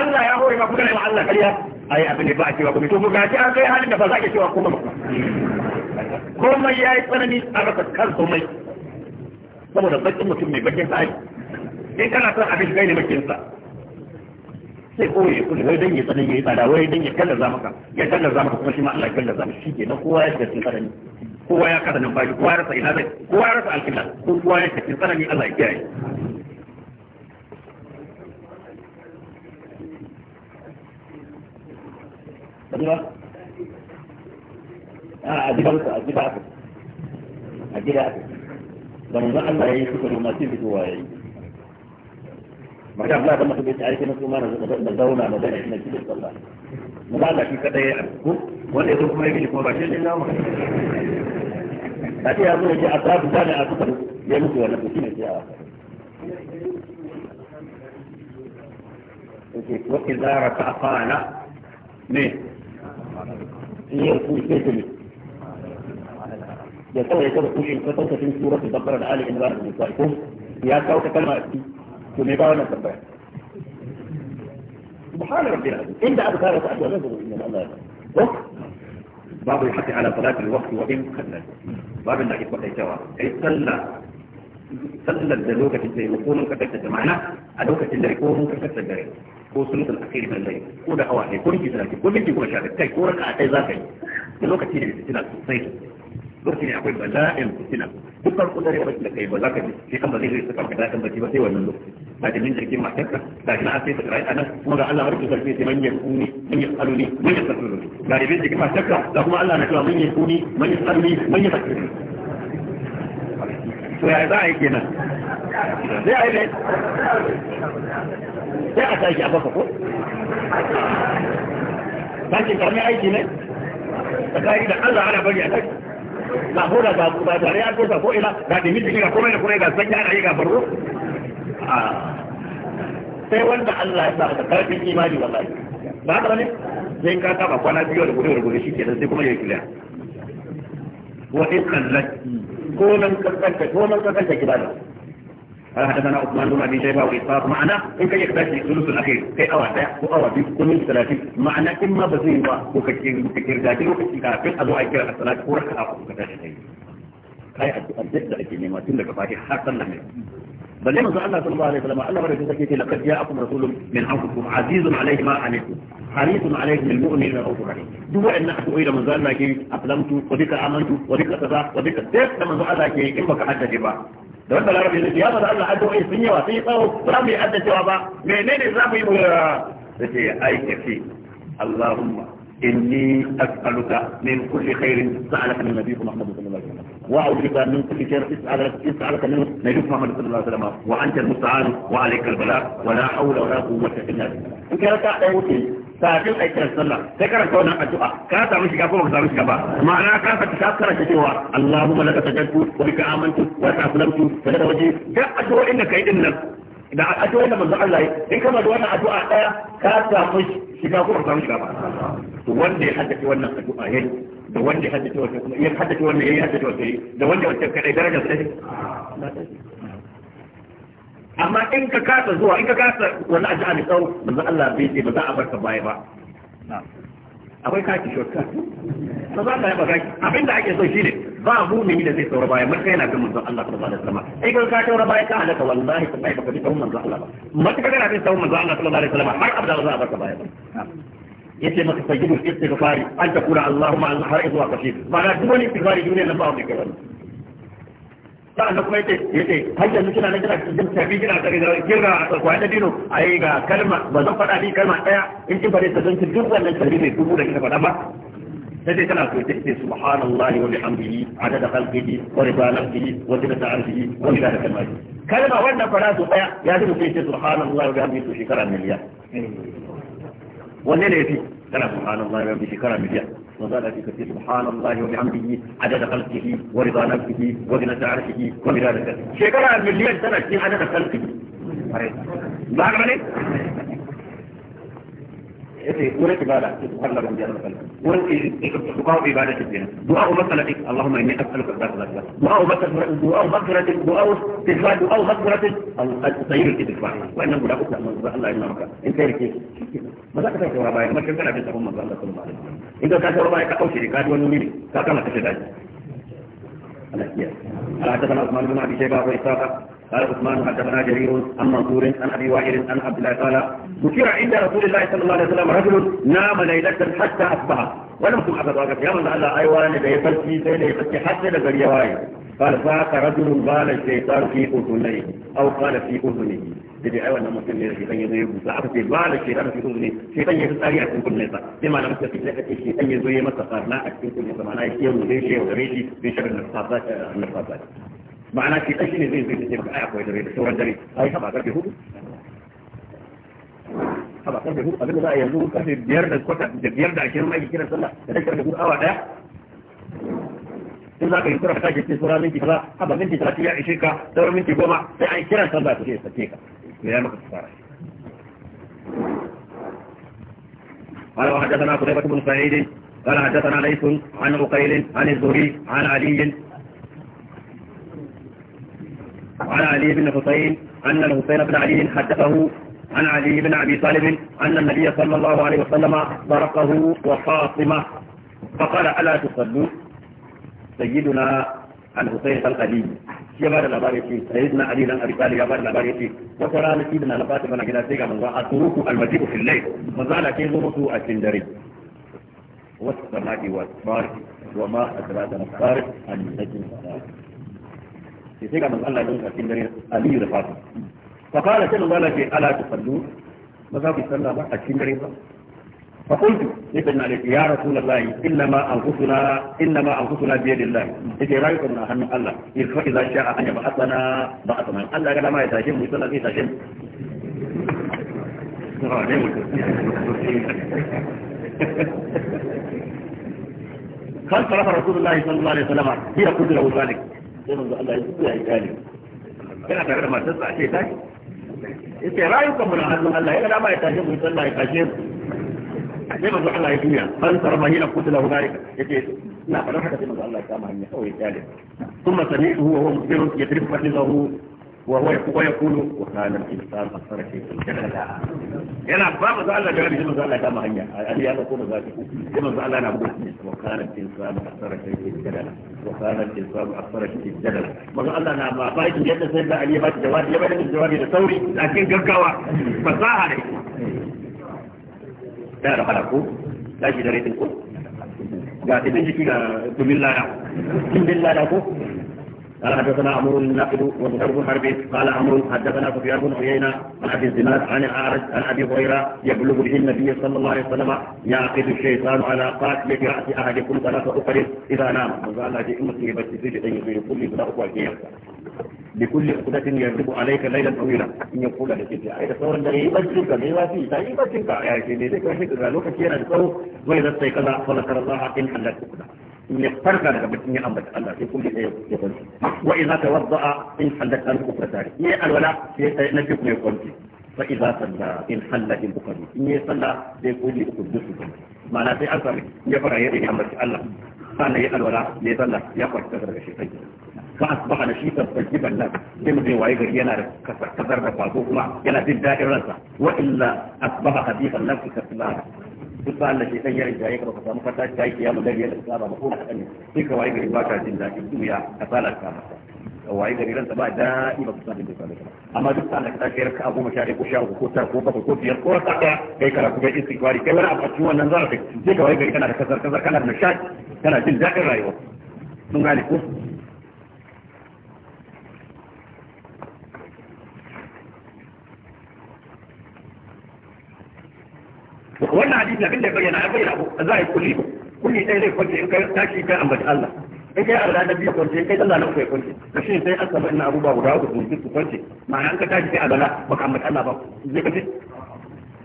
الله يا هوي ما كنا لما الله قليها أي أبن نباء الشيء وقمي توفو قاشي أكي هالي نفضاك الشيء وقمي قومي يا إطلاني أبقى كان قومي قومي بجي مكي بجي مكي بجي مكي بجي مكي sai ya kula wai dan ya tsanin ya yi tsada wai dan ya za maka ya za maka kuma shi ma Allah ya kallaza maka shi na kowa ya cikin kowa ya kada nan baki kowa ya rasa ina zai kowa ya rasa alƙibla kowa ya cikin Allah ya kiyaye A a gida A gida Ban zan Allah ya yi suka masu fitowa ya yi. ba da Allah da mutum ya aiki na kuma da zauna da dai na cikin sallah mu ba da shi kada ya ko wanda yake kuma yake kuma ba shi ne namu da ya zo ya ce a tabu da ne a suka ya mutu wannan shi ne ya وإذا ركع قال ليه؟ يركوش كيف يا ترى يا ترى كل فتوى في سورة البقرة آل عمران يا ترى كلمة ومي بانا تبعي سبحان ربنا إن دعب ثارة أجوى نظر إن الله وقت بعض يحط على صلاة الوقت وبين خلنا باب النعي بقى يتوى أي صلى صلى الدلوكة اللي يكون كفتة معنا الدلوكة اللي يكون كفتة جريد هو سنة الأخير من الليل هو ده هو أحيان كل جزء لكي كل جزء لكي كل جزء لكي كل جزء لكي كل جزء لكي كل جزء لكي كل جزء لكي كل جزء لكي كل جزء لكي lokacin ne akwai bala'in fitina duk farko da rewa da kai ba za ka ji shi kan ba zai zai saka kada kan baki ba sai wannan lokaci da jin jirgin matar ka da kina sai ta rai anan kuma ga Allah barkin sarki sai manyan kuni manyan aluni manyan sarki da jin jirgin matar ka da kuma Allah na cewa manyan kuni manyan aluni manyan sarki to ya za a yi kenan sai a yi ne sai a tashi a baka ko tashin karmi aiki ne tsakani da Allah ana bari a tashi ga ba ya ko ko ina ga sanya ah. sai wanda Allah ya sa da karfin imani wallahi ba ne sai ka kwana biyu da gudu da gudu sai kuma ya wa in kallaki ko nan kankanta ko nan قال حدثنا عثمان بن ابي شيبه وإصاف معنا ان كان يحتاج للثلث الاخير في اوعد واوعد كل من ثلاثين معنى اما بزيد وكثير كثير ذاتي وكثير كافر ابو عيكر الثلاث وركع وكثير كاي ابدا الجميع ما تملك فاتح حقا لم يكن بل لما سألنا صلى الله عليه وسلم قال له رسول الله لقد جاءكم رسول من انفسكم عزيز عليه ما عنكم حريص عليكم المؤمن او الرحيم دو ان احد الى من ظننا كي اقلمت وذكر عملت وذكر تذا وذكر تيس لما ظننا كي انك حدث da wanda larabi da ya faɗa Allah addu'o'i sun yawa sun yi tsawo ba mu yi addacewa ba menene za mu yi mu da ce aikace Allahumma inni as'aluka min kulli khairin sa'alaka min nabiyyi Muhammad sallallahu alaihi wasallam وأعوذ بك من كل شر اسألك منه نبيك محمد صلى الله عليه وسلم وأنت المستعان وعليك البلاء ولا حول ولا قوة إلا بالله. إن كانت أعطى kafin a kiran sallah sai karanta wannan addu'a ka samu shiga ko baka samu shiga ba ma'ana ka fata ka karanta cewa Allahumma laka sajadtu wa bika amantu wa ta'alamtu wa laka waji da addu'o'in da kai din nan da addu'o'in da manzo Allah in kama da wannan addu'a daya ka samu shiga ko baka samu shiga ba to wanda ya haddace wannan addu'a yayi da wanda ya haddace wannan ya haddace wannan yayi haddace wannan da wanda ya kadai darajar sai amma in ka kasa zuwa in ka kasa wani aji a nisau manzon Allah bai ce ba za a barka baya ba akwai kaki shortcut ba za ka ba kaki abinda ake so shine ba mumini da zai saura baya maka yana ga manzan Allah sallallahu alaihi wasallam ai kan ka saura baya ka halaka wallahi sai baka bi kawun manzan Allah ba maka kana bin kawun manzan Allah sallallahu alaihi wasallam har abada ba za a barka baya ba yace maka sayyidu istighfari an ta kula Allahumma an har wa kashi ba da duk wani istighfari duniya na ba mu kai sa'annan kuma yace yace har yanzu kina nan kina cikin tafi kina tare da kirra a kwai da dino ai ga kalma ba zan faɗa ni kalma ɗaya in kin bare ta zan ci duk wannan tafi mai dubu da kina faɗa ba sai kana so ta ce subhanallahi wa bihamdihi adada khalqihi wa rida nafsihi wa zinata arshihi wa idada kalmati kalma wannan fara su ɗaya ya zama sai ce subhanallahi wa bihamdihi to shekara miliyan wanne ne yafi kana subhanallahi wa bihamdihi shekara miliyan وذلك سبحان الله وبحمده عدد خلقه ورضا نفسه وزنة عرشه ومرادته شكرا مليون سنة في عدد خلقه بعد ما ولكن يجب ان يكون هناك افضل من اجل ان يكون هناك افضل من اجل ان يكون هناك افضل من اجل ان يكون هناك افضل من اجل ان يكون هناك افضل من اجل ان يكون هناك افضل من اجل ان يكون هناك افضل من اجل ان يكون هناك افضل من اجل ان يكون هناك افضل من اجل ان يكون هناك افضل من اجل ان يكون هناك افضل من اجل ان in ka kashe ruwa ka kauce ka wani wuri ka kama kashe daji Allah ya ta kana Usman bin Abi Shayba wa Isaqa قال عثمان حدثنا جرير عن منصور عن ابي وائل عن عبد الله قال ذكر عند رسول الله صلى الله عليه وسلم رجل نام ليله حتى اصبح ولم تكن ابدا يا من الله اي ده يفلسي ده حتى ده غريواي قال فاك رجل قال الشيطان في اذنيه او قال في اذنه jadi ai wannan mutum ne da shi ya zo ya busa aka ce ba da shi da fito ne shi dan ya tsari a cikin kullun sa sai malamin sa sai aka ce shi dan ya zo ya masa farna a cikin kullun sa ma'ana shi ya rude shi ya rude shi zai shirin da fasa da fasa ma'ana shi dan shi ne zai zai ce ai akwai dare da sauran dare ai ka ba karfe hudu ka ba karfe hudu abin da za a yanzu karfe biyar da kwata da biyar da ashirin ma kiran sallah da karfe hudu awa daya in يعني قال وحدثنا قتيبة بن سعيد قال حدثنا ليس عن عقيل عن الزهري عن علي عن علي بن حسين أن الحسين بن علي حدثه عن علي بن أبي طالب أن النبي صلى الله عليه وسلم ضرقه وفاطمة فقال ألا تصلوا سيدنا الحسين القديم يا بعد الأبارة سيدنا علي بن أبي طالب يا بعد الأبارة وترى سيدنا الفاتح بن أجلال سيدنا من رأى الطرق المجيء في الليل مزال كي نمسو السندري والسماء والطارق وما أدراك ما الطارق أن يسجن في سيدنا من الله يقول السندري علي الفاتح فقال سيدنا الله لك ألا تصلون مزال في السنة السندري فقلت لابن مالك يا رسول الله انما انفسنا انما انفسنا بيد الله اذا رايت من الله اذا شاء ان يبعثنا بعثنا الله قال ما يتاشم يصلى في تاشم فانصرف رسول الله صلى الله عليه وسلم هي قلت له ذلك sai manzo Allah ya tsaya ya gane kana tare da matarsa a ce tashi yace rayukan mu na hannun Allah ya sai manzo Allah ya duniya an sarma ni aku da dalika yake na fara haka sai manzo Allah ya kama hanya kawai ya dale kuma sami huwa huwa muslimun yatrif fatilahu wa huwa yaqulu wa kana al-insan akthara shay'in jalala yana ba manzo Allah gari sai manzo Allah ya kama hanya ali ya ko manzo Allah sai manzo Allah na buga shi wa kana al-insan akthara shay'in jalala wa kana al-insan akthara shay'in jalala manzo Allah na ba ba yadda sai da ali ya ba jawabi ya ba da jawabi da sauri a cikin gaggawa fasaha da yana da fada ko tashi da retin ko ga tafin jiki ga tumin lada tumin lada ko قال حدثنا عمرو الناقد وزهير بن حرب قال عمرو حدثنا سفيان بن عيينه عن ابي الزناد عن الاعرج عن ابي هريره يبلغ به النبي صلى الله عليه وسلم يعقد الشيطان على قاتل راس احدكم ثلاث اخر اذا نام وقال لا شيء مسلم بس يصير ان يصير كل بلا اخوه بكل عقدة يرتب عليك ليلا طويلا إن يقول لك يا أيها الثورة الذي يبشرك بواسي يبشرك يا أخي ليك وشك ذلك كثيرا الثور وإذا استيقظ فذكر الله إن حلت عقدة إن يقترك لك بإن أمرك الله في كل شيء يقول وإذا توضأ إن حلت أن العقدة ذلك إيه الولاء نجيب يقول فإذا صلى إن حلت إن البخاري إن صلى يقول لي أقدس معناه في أثر يفرع يدي أمرك الله أنا يقول ولا يصلى يفرع تفرع الشيطان فاصبح نشيطا طيبا لا يمضي ويجري ينار كثر نفاقه مع يلا رزا والا اصبح خبيثا لا كثر الله تقال لك ان يرجع يكره فما فتاك جاي قيام الليل يلا اصابه مقول ان فيك ويجري باكا جدا الدنيا اصالة كامة ويجري رزا بعد دائما تصابه بذلك اما تقال لك تاكير كابو مشارك وشارك وكوتر كوبر وكوتر يلقوا تاكا كيك راكو جاي استكواري كبير ابعتشوا ان نظارك فيك ويجري كان كثر كثر كان ابن الشاك جدا الرايوة نغالي wannan hadisi abin da ya bayyana ya bayyana abu za a yi kulli kulli ɗaya zai kwanci in kai tashi kai ambaci Allah in kai Allah na biyu kwanci in kai Allah na uku ya kwanci da shi sai an samu ina abubuwa guda uku sun su kwanci ma'ana an ka tashi kai azala baka ambaci Allah ba zai kace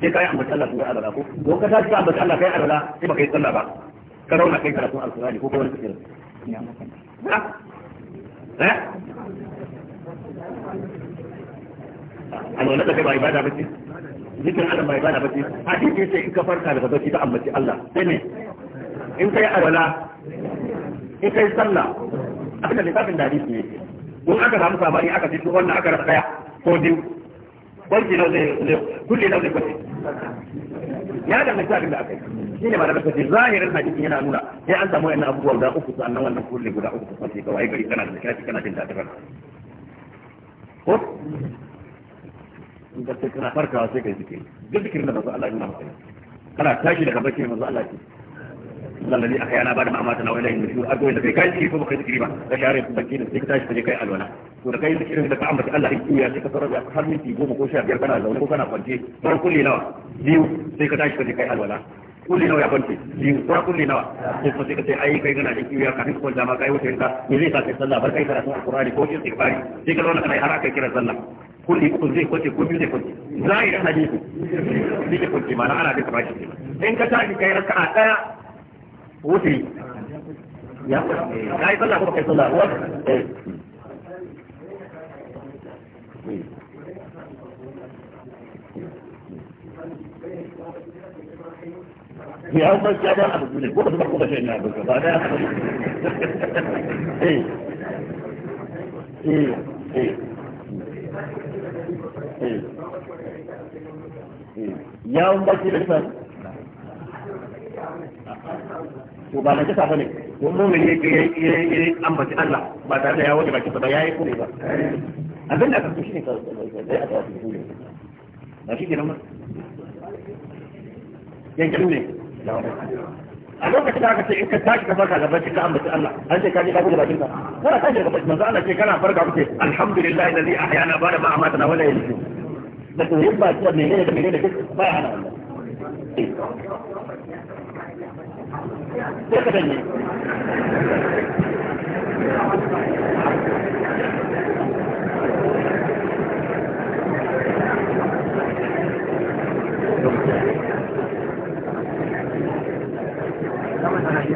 sai kai ambaci Allah sun Ga azala ko ko ka tashi kai ambaci Allah kai azala sai baka yi sallah ba ka rauna kai karatun alkurani ko wani kafin eh a wannan da kai ba ibada ba ce zikirin Allah bai bada bacci hadisi sai in ka farka daga bacci ta ambaci Allah sai ne in kai alwala in kai sallah abinda littafin da hadisi ne kun aka samu sabani aka ji wannan aka rasa daya ko biyu wanki nau zai kulle nau zai kwace ya da littafin da aka yi shi ne malamar kace zahirin hadisin yana nuna sai an samu yana abubuwa guda uku annan wannan kulle guda uku ka kawai gari kana da kashi kana jin daɗin ko in ka sai kana farkawa sai kai zikiri duk zikirin da manzo Allah ya nuna maka kana tashi daga bacci manzo Allah ya lallani aka yana ba da mamata na wani yin a goyi da kai kai ciki ko kai zikiri ba da share su baki da sai ka tashi kaje kai alwala to da kai zikirin da ka ambata Allah in kiyaye sai ka sarar da har minti goma ko sha biyar kana zaune ko kana kwance bar kulli nawa biyu sai ka tashi kaje kai alwala kulli nawa ya kwance biyu bar kulli nawa ko kuma sai ka sai ai kai kana da kiyaye kafin ka kwanta kai wuce ka me zai ka kai sallah bar kai karatu alqur'ani ko istighfari sai ka zauna kana har aka kira sallah kulli kun zai kwace ko biyu zai kwace zahirin hadisi zai kwace ma ana da kamar shi in ka tashi kai ɗaya. daya wutri ya kai sallah ko kai sallah wa في أول جاب أنا بقول لك وقت ما كنت شيء أنا بقول هذا إيه إيه إيه yawon baki da san to ba na kisa ba ne ko yake ya yi ambaci Allah ba tare da ya wuce baki ba ya yi kure ba abin da aka so shine kawai sai aka wasu kure ba shi kenan ba yankin ne a lokacin da aka ce in ka tashi ka farka da barci ka ambaci Allah an ce ka je ka gode bakin ka kana tashi daga baki manzo Allah ce kana farka kuke alhamdulillah alladhi ahyana ba'da ma amatana wala yajid da koyon baki da menene da menene duk ba ya hana wannan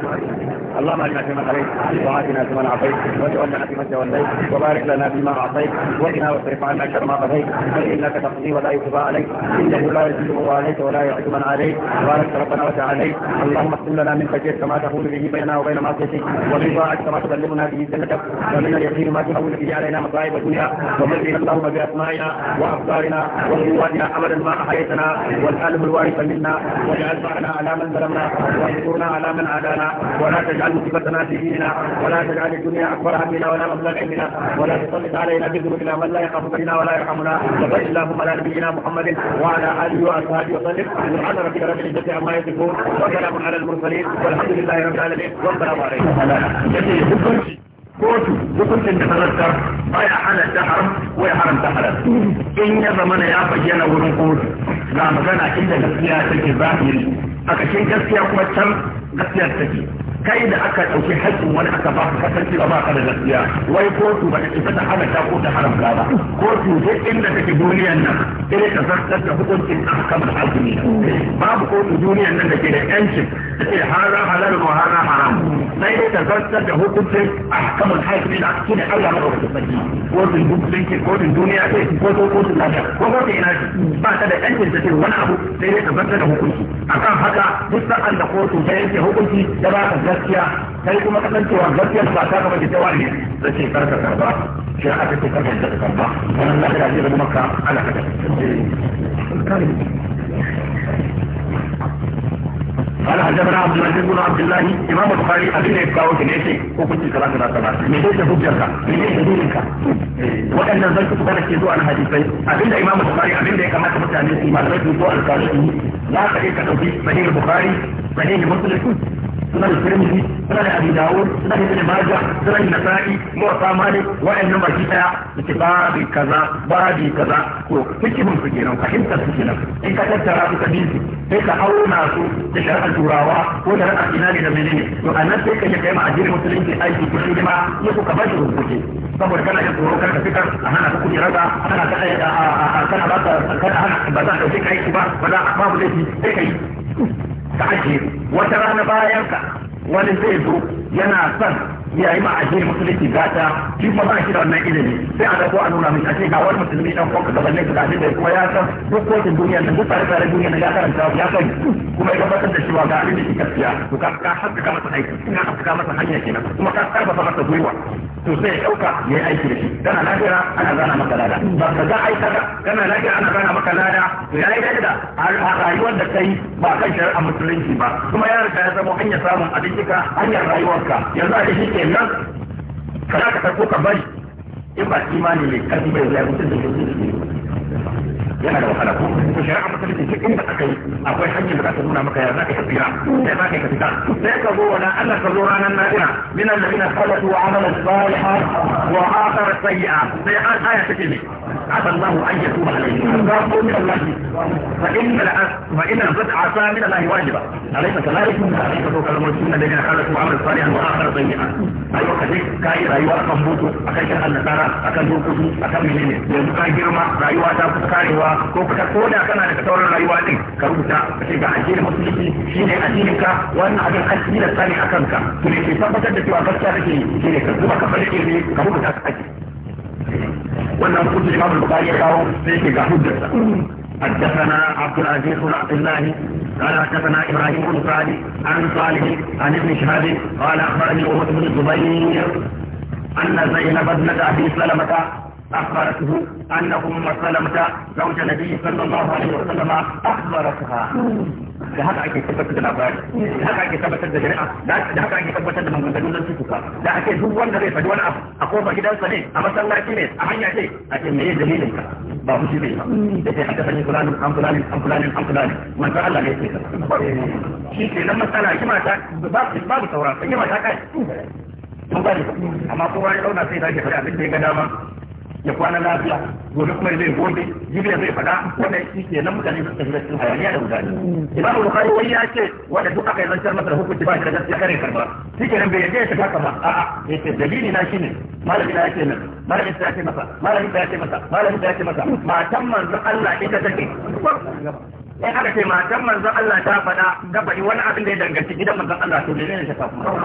Thank you. اللهم اجعلنا فيما عليك وعافنا فيما عافيت وتولنا فيما توليت وبارك لنا فيما اعطيت وقنا واصرف عنا شر ما قضيت بل انك تقضي ولا يقضى عليك انه لا يزيد الله عليك ولا يعز من عليك بارك ربنا وتعاليك اللهم اقسم لنا من خشيتك كما تقول به بيننا وبين معصيتك ومن طاعتك ما تبلغنا به جنتك ومن اليقين ما تهون به علينا مصائب الدنيا ومن اللهم باسمائنا وابصارنا وقواتنا ابدا ما احييتنا واجعله الوارث منا واجعل ثارنا على من ظلمنا وانصرنا على من عادانا ولا تجعل واجعل مصيبتنا في ديننا ولا تجعل الدنيا اكبر همنا ولا مبلغ علمنا ولا تسلط علينا بذنوبنا من لا يخاف بنا ولا يرحمنا وصل اللهم على نبينا محمد وعلى اله واصحابه وسلم سبحان ربك رب العزه عما يصفون وسلام على المرسلين والحمد لله رب العالمين والسلام عليكم. kotu hukuncin da nazartar baya halatta haram ko ya haramta halal in ya zamana ya bayyana wurin kotu ga magana inda gaskiya take zahiri a kashin gaskiya kuma can gaskiya take kai da aka ɗauki haƙƙin wani aka ba ka kasance ba ka da gaskiya wai kotu ba ta isa ta ko ta haramta ba kotu duk inda take duniyan nan sai ta zartar da hukuncin a kamar hakimi babu kotu duniyan nan da ke da yancin da ke haram halal ko haram haram sai dai ta zartar da hukuncin a kamar hakimi da ake da Allah madaukakin sarki kotun duniya kotun duniya ce kotun kotun lafiya ko kotun ina ba ta da yancin ta ce wani abu sai dai ta zartar da hukunci akan haka duk sa'an da kotu ta yanke hukunci da ba ka gaskiya kai kuma kasancewa gaskiya ba ta kama ta wani da ce karka karba shi aka ce karka da karba wannan na da jira kuma ka ala ka قال حدثنا عبد العزيز بن عبد الله امام البخاري ابن يبقاو في ليش وكنت كذا كذا كذا من ليش حجرك من ليش دينك وان نزلت تبارك يدو عن حديثين ابن امام البخاري ابن ده كما تبت عن الامام البخاري لا تريك تضيف صحيح البخاري صحيح مسلم sunan tirmidhi sunan abi dawud sunan ibn majah sunan nasa'i muwatta malik wa'annan baki daya yake babi kaza babi kaza to fikihun su kenan fahimtar su kenan in ka tattara su ka bi su sai ka auna su da shari'ar turawa ko da ra'ayi na da ne to anan sai ka kai ma addinin musulunci aiki ko shi ma ya ko ka bashi rubuce saboda kana yin tsoro kana fitar a hana ka kuɗi raga hana ka kana ba ka kana hana ba za ka dauke ka aiki ba ba za a babu laifi sai ka yi ka ajiye wata rana bayan ka wani zai zo yana son ya yi ma ce musulunci ta shi kuma ba shi da wannan ilimi sai a dako a nuna min a ce ga wani musulmi dan kwanka da ne da da kuma ya san duk kotun duniya da duk tare tare duniya da ya karanta ya san kuma ya tabbatar da shi wa ga abin da shi gaskiya to ka ka haskaka masa aiki ka haskaka masa hanya kenan kuma ka karfafa masa gwiwa to sai ya dauka ya yi aiki da shi kana lafiya ana zana maka lada ba ka ga aika kana lafiya ana zana maka lada to ya yi da rayuwar da kai ba kan shari'a musulunci ba kuma ya riga ya zama hanyar samun abin ka hanyar rayuwarka yanzu a shi wa'in nan ka za ka ɗauko ka bari in ba imani mai ƙarfi bai zai mutum da mutum da yana da wahala ko to shari'a maka take ce inda aka yi akwai hanyar da aka nuna maka ya zaka ka tsira sai zaka ka fita sai ka zo wala Allah ka zo ranar nadira min alladhina khalatu wa amala salihan wa akhara sayyi'a sai an aya take ne عسى الله ان يتوب عليه فاقول من الله فان فان البدع عسى من الله واجبه اليس كذلك اليس فوق المسلمين الذين خلقوا عمل صالحا واخر سيئا ايوه كذلك كاي رايوه اكن بوتو اكن النصارى اكن بوتو اكن منين yanzu ka girma rayuwa ta fi karewa cewa ko koda kana da sauran rayuwa din ka rubuta sai ga addinin musulunci shine addinin ka wannan abin akan ka to ne tabbatar da cewa gaskiya kake shine ka kuma ka ka rubuta ka wannan ya kawo sai ke ga حدثنا عبد العزيز بن عبد الله قال حدثنا ابراهيم بن سعد عن صالح عن ابن شهاب قال اخبرني عروه بن الزبير ان زينب ابنه ابي سلمه أخبرته أن أم سلمة زوج النبي صلى الله عليه وسلم أخبرتها da haka ake tabbatar da labari da haka ake tabbatar da jari'a da haka ake tabbatar da maganganun zan cutuka da ake duk wanda zai faɗi wani abu a kofar gidansa ne a masallaci ne a hanya ce a ce me dalilin ka ba mu shi ne da sai haka sanin Fulani, an Fulani, an Fulani, an Fulani, manzo Allah ne ke shi ke nan masala shi mata babu saura sai mata kai mun bari amma kowa ya dauna sai da faɗi abin da ya ga dama ya kwana lafiya gobe kuma zai gobe jibiya zai fada wanda shi ke nan mutane su tafi da cikin hayaniya da mutane imam bukhari wai ya ce wanda duk aka yi zancar masa da hukunci ba shi da gaskiya kare karba shi ke nan bai yarda ya shiga kama a'a ya ce dalili na shine malami na yake nan malami ta yake masa malami ta yake masa malami ta yake masa matan manzon Allah ita take in aka ce matan manzan Allah ta faɗa ta wani abin da ya danganci gidan manzan Allah to ne ne ta faɗa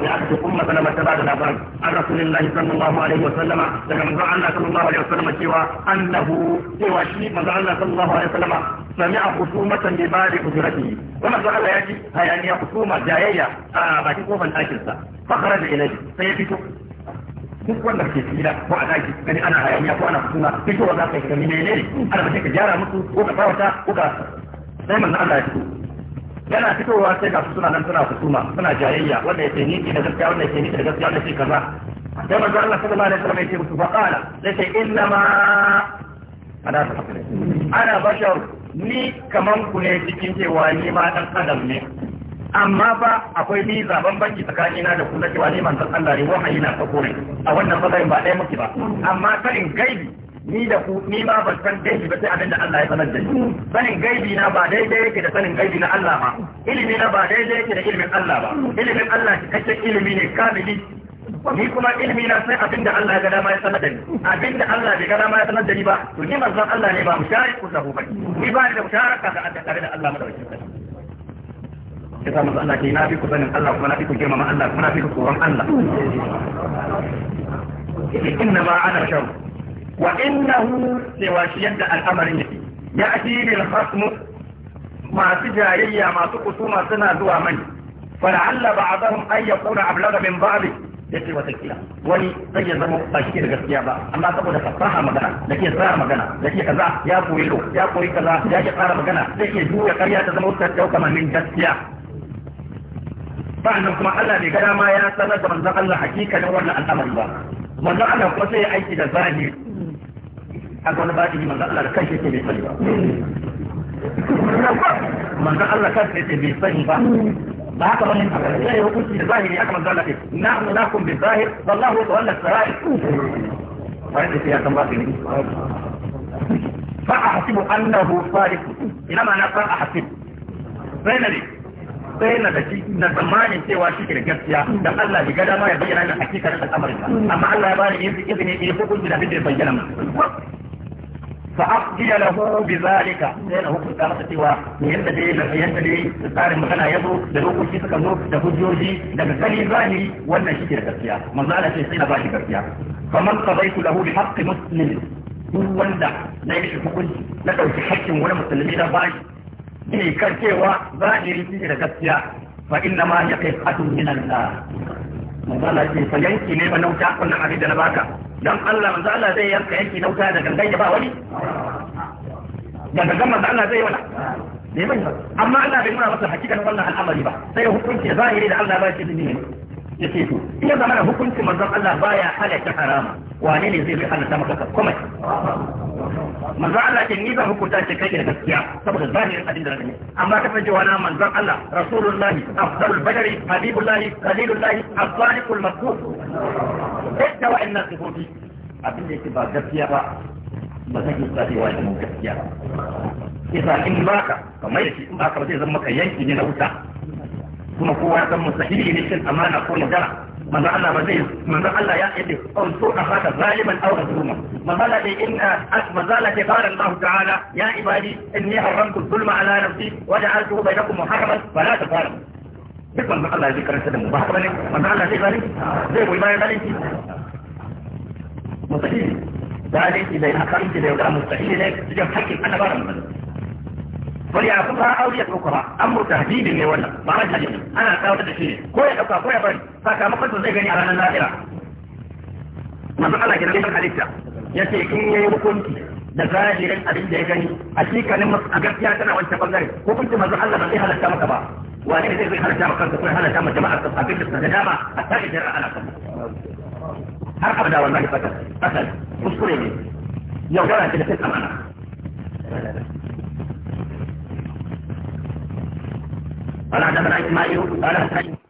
ya aka ce umma sallama ta bada labarin an rasulullahi sallallahu alaihi wa sallama daga manzan Allah sallallahu alaihi wa sallama cewa annahu cewa shi manzan Allah sallallahu alaihi wa sallama sami'a khusumatan bi bari ujratihi wa manzan Allah ya ji hayaniya khusuma jayayya a bakin kofar ɗakin sa fa kharaja ilayhi sai ya fito duk wanda ke tsira ko a daki gani ana hayaniya ko ana fituna fitowa za ka yi ka ne ana ka gyara musu ko ka tsawata ko ka sai manzo Allah ya fito yana fitowa sai ga suna nan suna kusuma suna jayayya wanda yake ni da gaskiya wanda yake ni da gaskiya wanda yake kaza sai manzo Allah sallallahu alaihi wasallam yake musu fa qala sai ce inna ma ana tafsir ana bashar ni kaman ku ne cikin cewa ni ma dan adam ne amma ba akwai ni zaben banki tsakanina da ku na cewa ni manzon Allah ne wahayi na ta ne a wannan matsayin ba ɗaya muke ba amma ta in gaibi ni da ku ni ma ban san gaibi ba sai abin da Allah ya sanar da ni sanin gaibi na ba daidai yake da sanin gaibi na Allah ba ilimi na ba daidai yake da ilimin Allah ba ilimin Allah cikakken ilimi ne kamili ni kuma ilimi na sai abin da Allah ya ga dama ya sanar da ni abin da Allah bai ga dama ya sanar da ni ba to ni manzon Allah ne ba mu ku lahu ba ni ba ni da musharaka ga Allah da Allah madaukakin sarki ya sa masu Allah ke na fi ku sanin Allah kuma na fi ku girmama Allah kuma na fi ku tsoron Allah inna ma ana shan وإنه لواشي يبدأ الأمر يأتي بالخصم للخصم ما تجاهية ما تقصوم سنة دوى من فلعل بعضهم أن يكون أبلغ من بعض يأتي وتكلا ولي أي زمو أشكير غسيابا أما تقول لك صحا مغنى لك يزار مغنى لك يكذا يابو يلو يابو يكذا يأتي قار مغنى لك يجو يقريا تزمو تتجو كما من جسيا فأنا كما ألا بغنى ما يأتنا زمن زغل حقيقة نورنا الأمر الله ومن نعلم قصي أي تزاهي aka wani baɗi manzo Allah da kanshi yake bai sani ba manzo Allah kanshi yake bai sani ba ba haka bane sai hukunci da zahiri aka manzo Allah ke na'am lakum bi zahir wallahu tawalla sarair wanda sai ya san baɗi ne fa ahsibu annahu salih ina ma na fa ahsibu sai na ne sai na da shi na tsammanin cewa shi da gaskiya da Allah bai gada ma ya bayyana na hakikar al'amarin ba amma Allah ya bani izini in hukunci da bin da bayyana فأقضي له بذلك لأنه كنت أنا سوى يندي يندي تسار مكان يدو دلوك شيء تكذو دهجوجي دمثلي ظاهري ولا شيء كرتيا من زال شيء سينا ظاهر كرتيا فمن قضيت له بحق مسلم هو ولد لا يشوف كل لا توجه حق ولا مسلم لا باي إني كرتيا ظاهري شيء كرتيا فإنما هي قطعة من الله manzala ce fa yanki ne ba nauta wannan abin da na baka dan Allah manzala zai yanka yanki nauta da gangan da ba wani da gangan manzala zai wala ne bai amma Allah bai nuna masa hakikanin wannan al'amari ba sai hukunci zahiri da Allah ba shi ne ya ce to ina ya zama hukuncin manzon Allah baya halatta harama wane ne zai halatta maka komai manzon Allah ke ni zan hukunta shi kai da gaskiya saboda zahirin abin da na yi amma kasancewa na manzon Allah rasulullahi afdalul badari habibullahi khalilullahi afdalul sadiqul masduq duk da wa'annan sifofi abin da yake ba gaskiya ba ba zai yi wa mun gaskiya idan in baka kamar yake in baka ba zai zama ka yanki ne na wuta kuma kowa san mustahili ne cin amana ko magana manzo Allah ba zai manzo Allah ya yace on so a haka zaliman aw mazluma mazala dai inna mazala dai qala Allah ta'ala ya ibadi inni haramtu dhulma ala nafsi wa ja'altuhu bainakum muharraman fala tazalimu duk manzo Allah zai karanta da mu ba haka bane manzo Allah zai bari zai goyi bayan zalunci mustahil zalunci da hakan da yaudara mustahil ne cikin hakkin annabawan manzo وليعصبها أو يتركها أمر تهديد من ولا بعد هذه أنا أتاوت الشيء كوي أبقى كوي أبقى فكما قلت زي غني على الناهرة ما بقى ya ce الحديثة ya yi يكون da zahirin abin da ya gani a cikin a gaskiya tana wancan bangare ko kun Allah ba zai halatta maka ba wani ne zai halatta maka kansa ko halatta maka jama'a ta abin da dama a tare da ana kan har abada wallahi fata asali kuskure ne yau da da kai amana قال حدثنا اسماعيل قال حدثنا